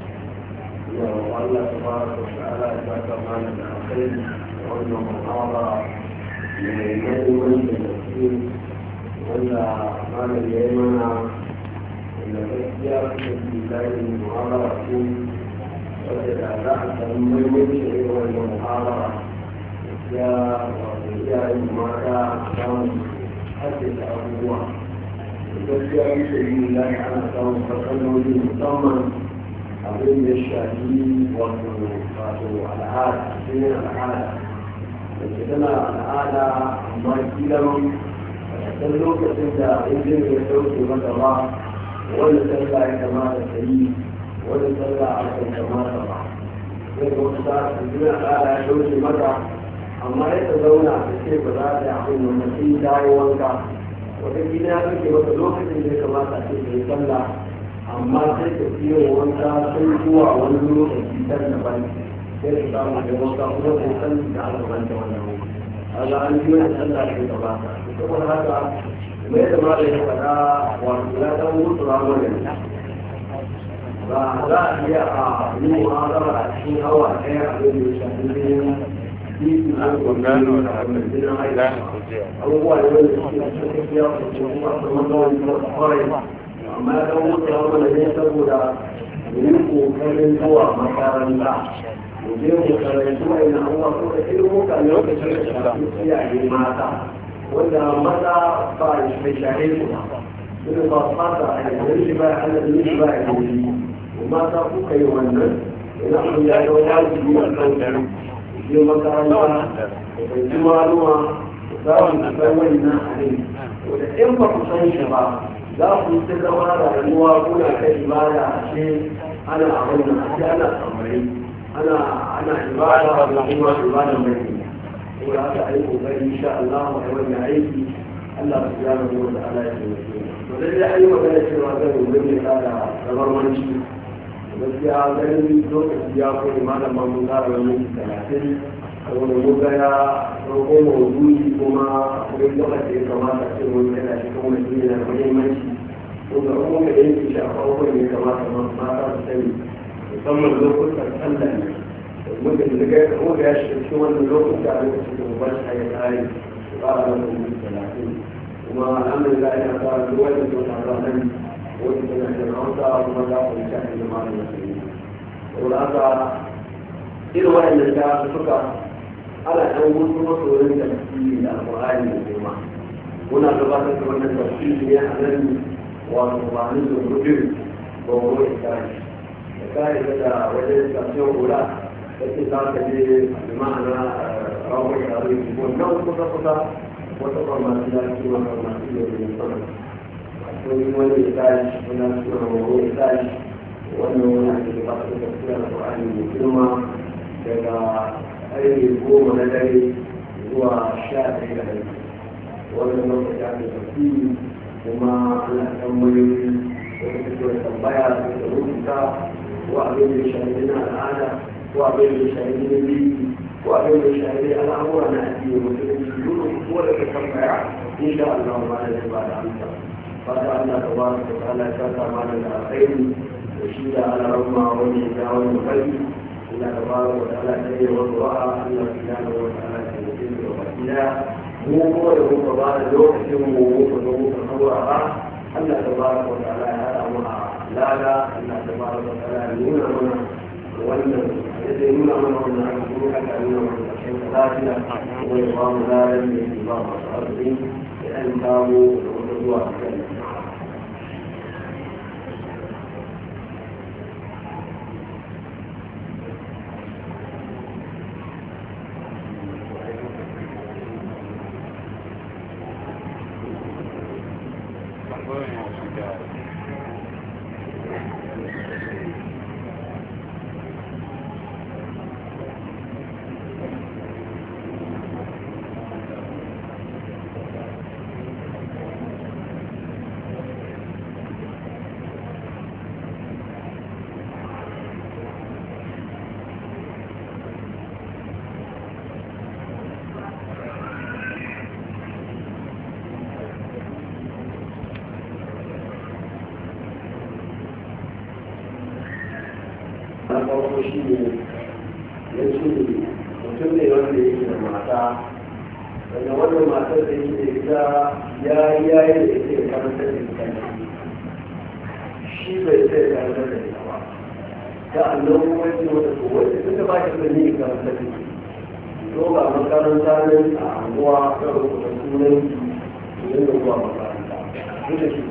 والله تبارك وتعالى ذاك ما نتحقين وأنه محاضرة لنادي من التسليم ولا ما يمنع إن تسلية في الله المحاضرة وإذا ذاك من يمشي وأنه محاضرة يا يا المرأة كم حدث أبوها تسلية في الله أنا كم فقدوا لي مطمئن abin da shafi wato al'ada cikin al'ada da ke tana al'ada amma kilan ɗan lokacin da injin ya ɗauke mata ba wanda sallah ya kamata ta yi wanda sallah a kan kamata ba sai ga wasu ta injin al'ada ya ɗauke mata amma ya ta zauna ta ce ba za ta yi abin da mutum dawo wanka wata gida ya ɗauke mata lokacin da ya kamata a ce ta yi sallah amma sai ka fiye wanka sai zuwa wani lokaci kan da ban sai ka samu da wanka kuma ko kan da aka banta wannan kaga an yi wani sallah da ta baka saboda haka mai da ma da ya faɗa wato ya dan mutu ramar ba za a iya a yi mu'amala a cikin hawa ɗaya a yau da shafi ne abubuwa da wani suke cikin ya kuma kuma kuma kuma kuma kuma amma ya kawo mutu ya mana ne saboda yi kokarin zuwa makaranta mu je mu karantu a ina abuwa ko da ilmuka lokacin da shafi iyaye mata wanda maza ba bai shahe su ba irin ba fata a yanzu shi ba ya hana da shi ba ya yanzu mata kuka yi wannan ina kun ya ga wajibi a kan je makaranta bai ji maluwa za mu san wannan abin wanda in ba ku san shi ba za ku ta zama rayuwa kuna ta ibada a ce ana abin da ake ana samari ana ana ibada da kuma ibada mai ko da aka yi kokari insha Allah mai wannan aiki Allah subhanahu wa ta'ala ya taimake mu to dai ai magana cewa zan yi wani kada gabarmanci gaskiya ganin lokaci ya koyi malaman mun tsara wani talatin wani muka ya roƙo mawuyi kuma wani lokaci ya kamata ce mun kana shi kuma shi yana da muhimmanci ko ga kuma da yake shi a farkon ya kamata ma mata su sani musamman lokutan sallah muka da kai da muka ya shiga cikin wannan lokuta a lokacin da ba shi ya tsari ba a lokacin talatin kuma alhamdulillah ina fara duk wanda ke tsara nan wani tana da hausa kuma za ku yi shafi da malamin sauri. Saboda haka irin waɗanda ta suka ana ɗan gudu masoyin da suke da alƙur'ani da girma muna gabatar da wannan tafsiri ne a nan wato ba ni da gudun ba mu da kare da kare da wajen tafsirin kula da ke za ka je ma'ana eh, rawar tare da wannan kusa kusa wata farmasi da ce wa farmasi da ke sama akwai wani ya tashi wani suna wani ya tashi wannan wani ake gabatar da tafsirin alƙur'ani da girma daga أي يقوم لدي هو الشافعي لدي وأنا نوقع عن التفكير وما الأمر وكثرة البيع وكثرة وأبين لشاهدنا العادة وأبين لشاهدنا لي وأبين لشاهدنا الأمر أنا أتيه وكثرة ولا تتبع إن شاء الله ما نجب على أمسا فأتى الله تبارك وتعالى كثر ما نجب على خير وشيد على رمى ومن دعوة المخير الله تبارك وتعالى خير وراى ان سبحانه وتعالى في الدين وقتنا هو يقول تبارك يوحسن وقوفا وقوفا امرها ان تبارك وتعالى هذا امرها لا لا ان تبارك وتعالى يمنع منا وان يمنع منا وان يكون حتى يمنع منا شيء ثلاثه ويقام لا لم يكن الله الارض لان كانوا وقد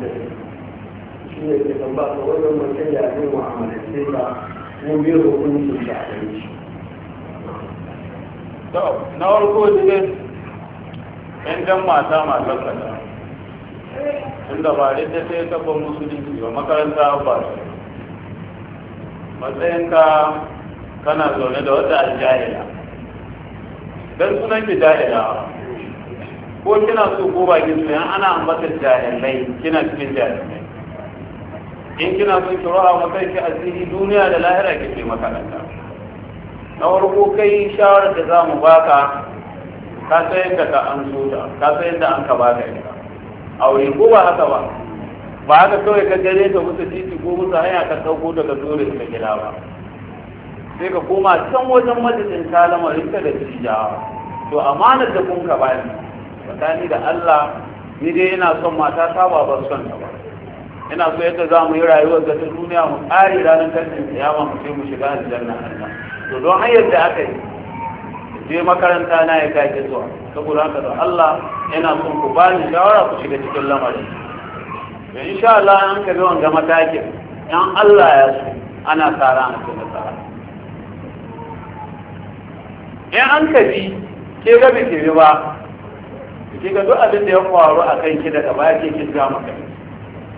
shi ne ke kan baka wannan mutum ya wa ka hukuncin da a shi to na farko ne dan mata kada inda ba da ta sai tabbar musulunci ba makaranta ba matsayinka kana zaune da wata dan sunan ko kina so ko ba kin so ana ambata jahilai kina cikin jahilai in kina so ki ro'a maka ki asiri duniya da lahira ki ce makaranta na farko kai shawarar da za mu baka ka sai ka ka an so ta ka sai da an ka baka ita aure ko ba haka ba ba haka kawai ka gare ta musu titi ko musu hanya ka dauko daga dole ka gida ba sai ka koma can wajen majalisin kalamarin ka da tijawa to amanar da kun ka bani tsakani da Allah ni dai ina son mata ta ba son ta ba ina so yadda za mu yi rayuwar ga duniya mu ƙare ranar ya kiyama mu ce mu shiga aljanna Allah to don har yadda aka yi je makaranta na ya kake zuwa saboda haka da Allah ina son ku ba ni shawara ku shiga cikin lamarin to insha Allah an ka bi wanga matakin in Allah ya so ana tsara a cikin tsara in an ka ji ke ga bi ke ba shi ga duk abin da ya faru a kai daga baya ke kin ga maka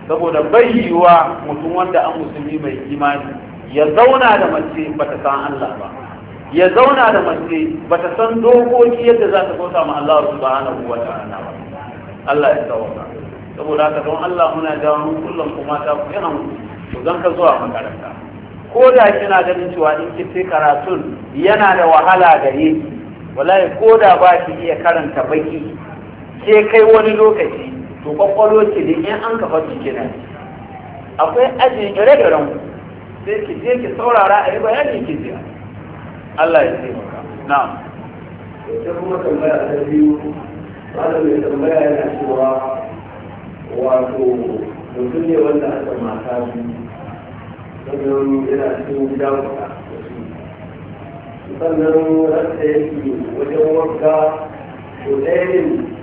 saboda bai yiwa mutum wanda an musulmi mai imani ya zauna da mace bata san Allah ba ya zauna da mace bata san dokoki yadda za ta bauta ma Allah subhanahu wa ta'ala ba Allah ya tsawata saboda haka don Allah muna da mu kullum kuma ta ku yana ku zan ka zuwa makaranta ko da kina ganin cewa in ki sai karatun yana da wahala gare ki wallahi ko da ba ki iya karanta baki sai kai wani lokaci to kwakwalo ce da in an kafa su kenan akwai ajin ire-iren sai ki je ki saurara a yi bayanin ki jiya Allah ya ce maka na ita kuma tambaya ta biyu malam mai tambaya yana cewa wato mutum ne wanda aka mata biyu sannan yana cikin gida guda sannan rasta yake wajen wanka to ɗaya ne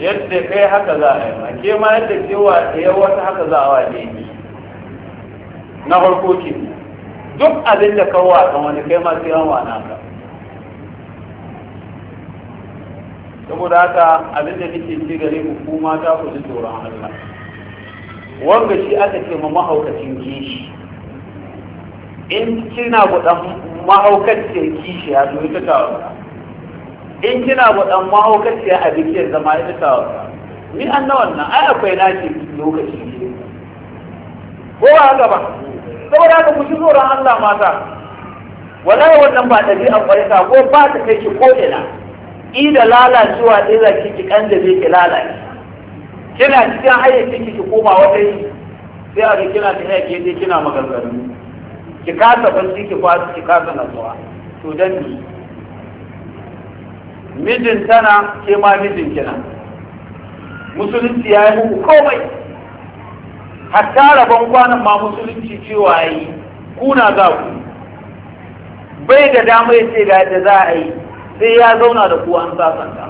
yadda kai haka za a yi ma ke ma yadda cewa da wata haka za a waje ne na farko ke duk abin da kawo a kan wani kai ma sai an wana ka saboda haka abin da nake ce gare ku kuma ta ku ji tsoron Allah wanda shi aka ce ma mahaukacin kishi in kina gudan mahaukacin kishi ya zo ita ta in kina wa dan mahaukaciya a bikin zama ya ta ni an na wannan ai akwai nashi lokaci ko ba haka ba saboda haka ku ji tsoron Allah mata wallahi wannan ba ɗabi'an barka ko ba ta kai ki ko ina ida lalacewa ɗin za ki ki kan da zai ki lalace kina cikin hayyar ki ki koma wata yi sai a kina ta hayyake sai kina maganganu ki kasa bacci ki kwasu ki kasa nasuwa to dan ni mijin tana ke ma mijin kina musulunci ya yi muku komai hatta rabon kwanan ma musulunci cewa yi kuna za ku bai da dama ya ce ga yadda za a yi sai ya zauna da ku an sasanta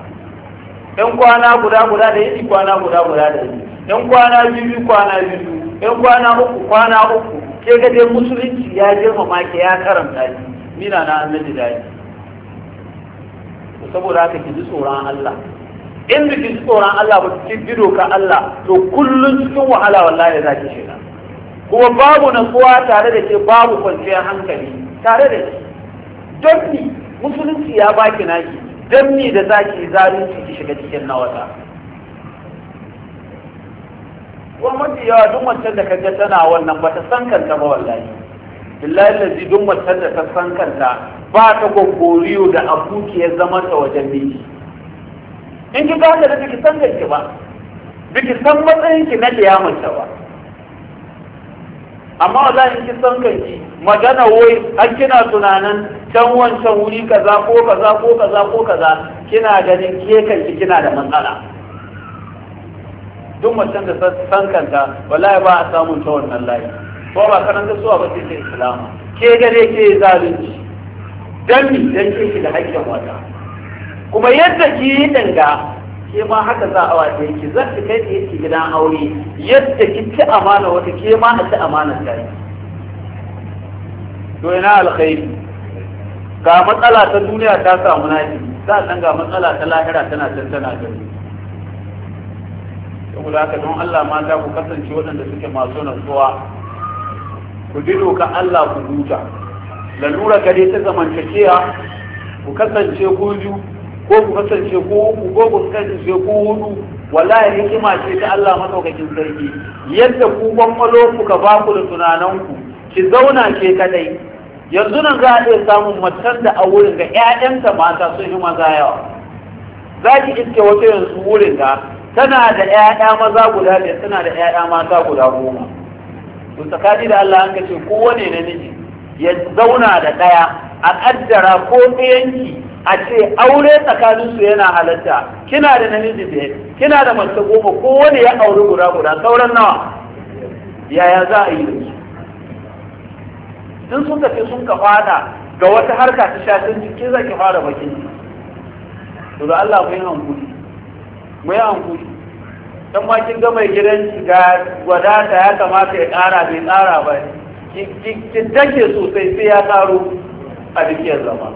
ɗan kwana guda guda da yi kwana guda guda da yi ɗan kwana biyu kwana biyu ɗan kwana uku kwana uku ke ga dai musulunci ya girmama ke ya karanta ni mina na annabi dadi saboda haka ki ji tsoron Allah in da ki ji tsoron Allah ba ki ji doka Allah to kullun cikin wahala wallahi za ki shiga kuma babu natsuwa tare da ke babu kwanciyar hankali tare da ke don musulunci ya baki naki don da za ki zalunci ki shiga cikin nawata. wata kuma mafi yawa duk wancan da kaga tana wannan ba ta san kanta ba wallahi billahi lazi duk matar da ta san kanta ba ta gongoriyo da ya zama ta wajen biki. in ki gane da biki san kanki ba biki san matsayin ki na ta ba amma wallahi in ki san kanki magana wai an kina tunanin can wancan wuri kaza ko kaza ko kaza ko kaza kina ganin ke kanki kina da matsala duk macen da san kanta wallahi ba a samun ta wannan layi ba ba karanta suwa ba sai islamu ke gare ke zalunci dan mi dan ke ki da haƙƙin wata kuma yadda ki yi danga ke ma haka za a wace ki zan ki kai ki gidan aure yadda ki ci amana wata ke ma a ci amana ta yi to ina alkhairi ga matsala ta duniya ta samu naji san ga matsala ta lahira tana tantana gari saboda haka don Allah mata ku kasance waɗanda suke masu nutsuwa ku ji doka Allah ku huta lalura ka dai ta zamantakewa ku kasance ku ju ko ku kasance ku ko ku kasance ku hudu wallahi hikima ce ta Allah masaukakin sarki yadda ku kwakwalo ku ka ba ku da tunananku ki zauna ke kadai yanzu nan za a iya samun matar da a wurin ga 'ya'yanta mata sun yi maza yawa za ki iske wata yanzu wurin ga tana da 'ya'ya maza guda biyar tana da 'ya'ya mata guda goma to tsakani da Allah an kace kowane namiji ya zauna da ɗaya a kaddara ko ɗayanki a ce aure tsakaninsu yana halatta kina da namiji ne kina da mace goma wane ya auri guda guda sauran nawa yaya za a yi da su in sun tafi sun ka fada ga wata harka ta shafin jiki za ki fara bakin to da Allah mu yi hankuri mu yi hankuri dan ma kin ga mai gidan shiga ta ya kamata ya ƙara bai tsara ba ki take sosai sai ya ƙaro a dukiyar zama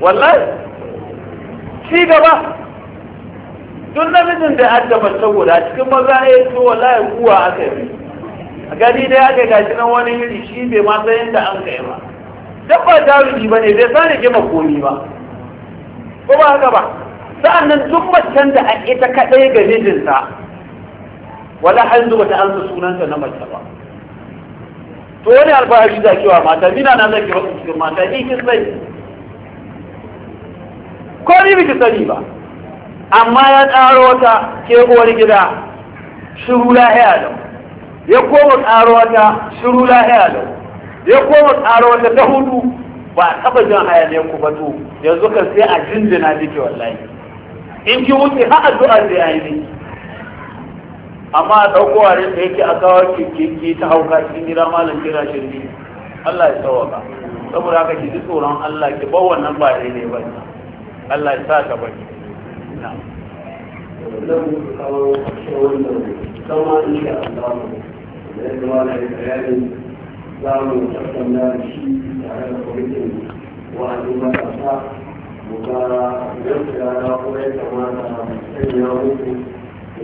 wallahi ci gaba duk namijin da adda mace guda cikin maza ne ya ce wallahi kuwa aka yi a gani dai aka shi nan wani iri shi bai ma san yadda an kai ba dabba jarumi ba ne bai sani gima komi ba ko ba haka ba sa'annan duk macen da a ita kaɗai ga mijinsa wala hanzu bata ansa sunanta na mace ba to wani alfahari za kewa mata nina na zaki wasu cikin mata ni kin sai ko ni biki sani ba amma ya tsaro wata ke gida shiru lahiya da ya koma tsaro wata shiru lahiya da ya koma tsaro wata ta hudu ba a taɓa jan hayaniyar ku ba to yanzu kan sai a jinjina jiki wallahi in ki wuce har addu'a sai yi ne amma a ɗauko a rinsa yake a kawo ki ta hauka cikin gida malam kira shirbi Allah ya tsawaka saboda haka ki ji tsoron Allah ki bar wannan ba ne ne ba Allah ya sa ka bari na'am kama da ya kamata kuma a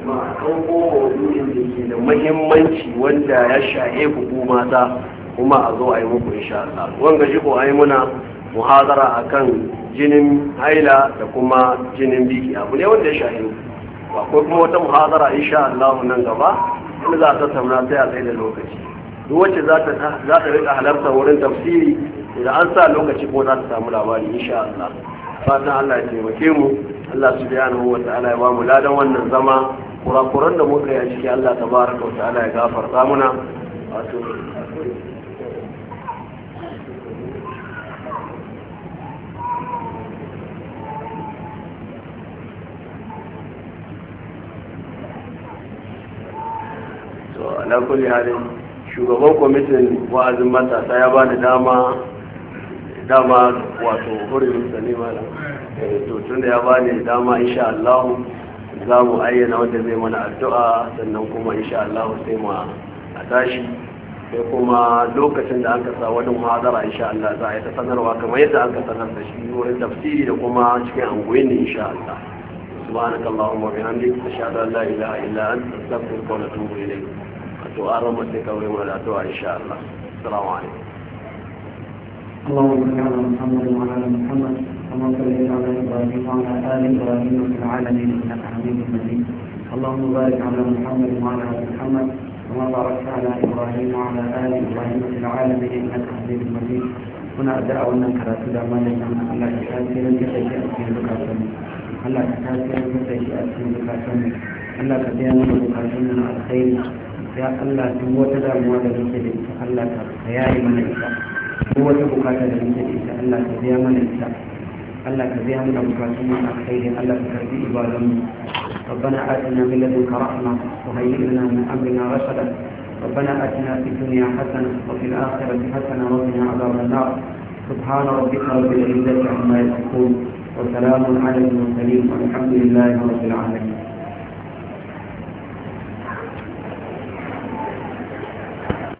kan da da muhimmanci wanda ya shaye ku mata kuma a zo a yi muku insha Allah wanga shi ko ai muna muhazara akan jinin haila da kuma jinin biki abu ne wanda ya shahe ba akwai kuma wata muhazara insha Allah nan gaba in za ta tattauna sai a tsaye da lokaci duk wacce za ta rika halarta wurin tafsiri idan an sa lokaci ko za ta samu labari insha Allah fatan Allah ya taimake mu Allah na wa ta'ala ya ba mu ladan wannan zama kurakuran da muka yi a ciki Allah ta tabaraka wa ta'ala ya gafar muna wato ala kulli halin shugaban kwamitin wa'azin matasa ya ba da dama dama wato hurin Salima da mana eh, da ya bani dama insha Allah za mu ayyana wanda zai mana addu'a sannan kuma insha Allah sai mu a tashi sai kuma lokacin da aka sa wani muhadara insha Allah za a yi ta sanarwa kamar yadda aka sanar da shi wurin tafsiri da kuma cikin anguwin insha Allah سبحانك اللهم وبحمدك أشهد أن لا إله إلا أنت أستغفرك وأتوب إليك أتوأر مسك ويوم الأتوى addu'a شاء الله السلام عليكم اللهم صل على محمد وعلى ال محمد كما صليت على ابراهيم وعلى ال ابراهيم في العالمين انك حميد مجيد اللهم بارك على محمد وعلى ال محمد كما باركت على ابراهيم وعلى ال ابراهيم في العالمين انك حميد مجيد muna da a wannan karatu da malamin Allah ya tasirin da shi a cikin zukatan Allah ya tasirin da shi a cikin zukatan Allah ka biya mana bukatun mu na alkhairi ya Allah duk wata damuwa da muke da ita Allah ka yayi mana ita ko wata bukata da muke ita Allah ka biya mana ita خير ألا biya mana ربنا آتنا من لدنك رحمة وهيئ لنا من أمرنا رشدا ربنا آتنا في الدنيا حسنة وفي الآخرة حسنة وقنا عذاب النار سبحان ربك رب العزة عما يصفون وسلام على المرسلين والحمد لله رب العالمين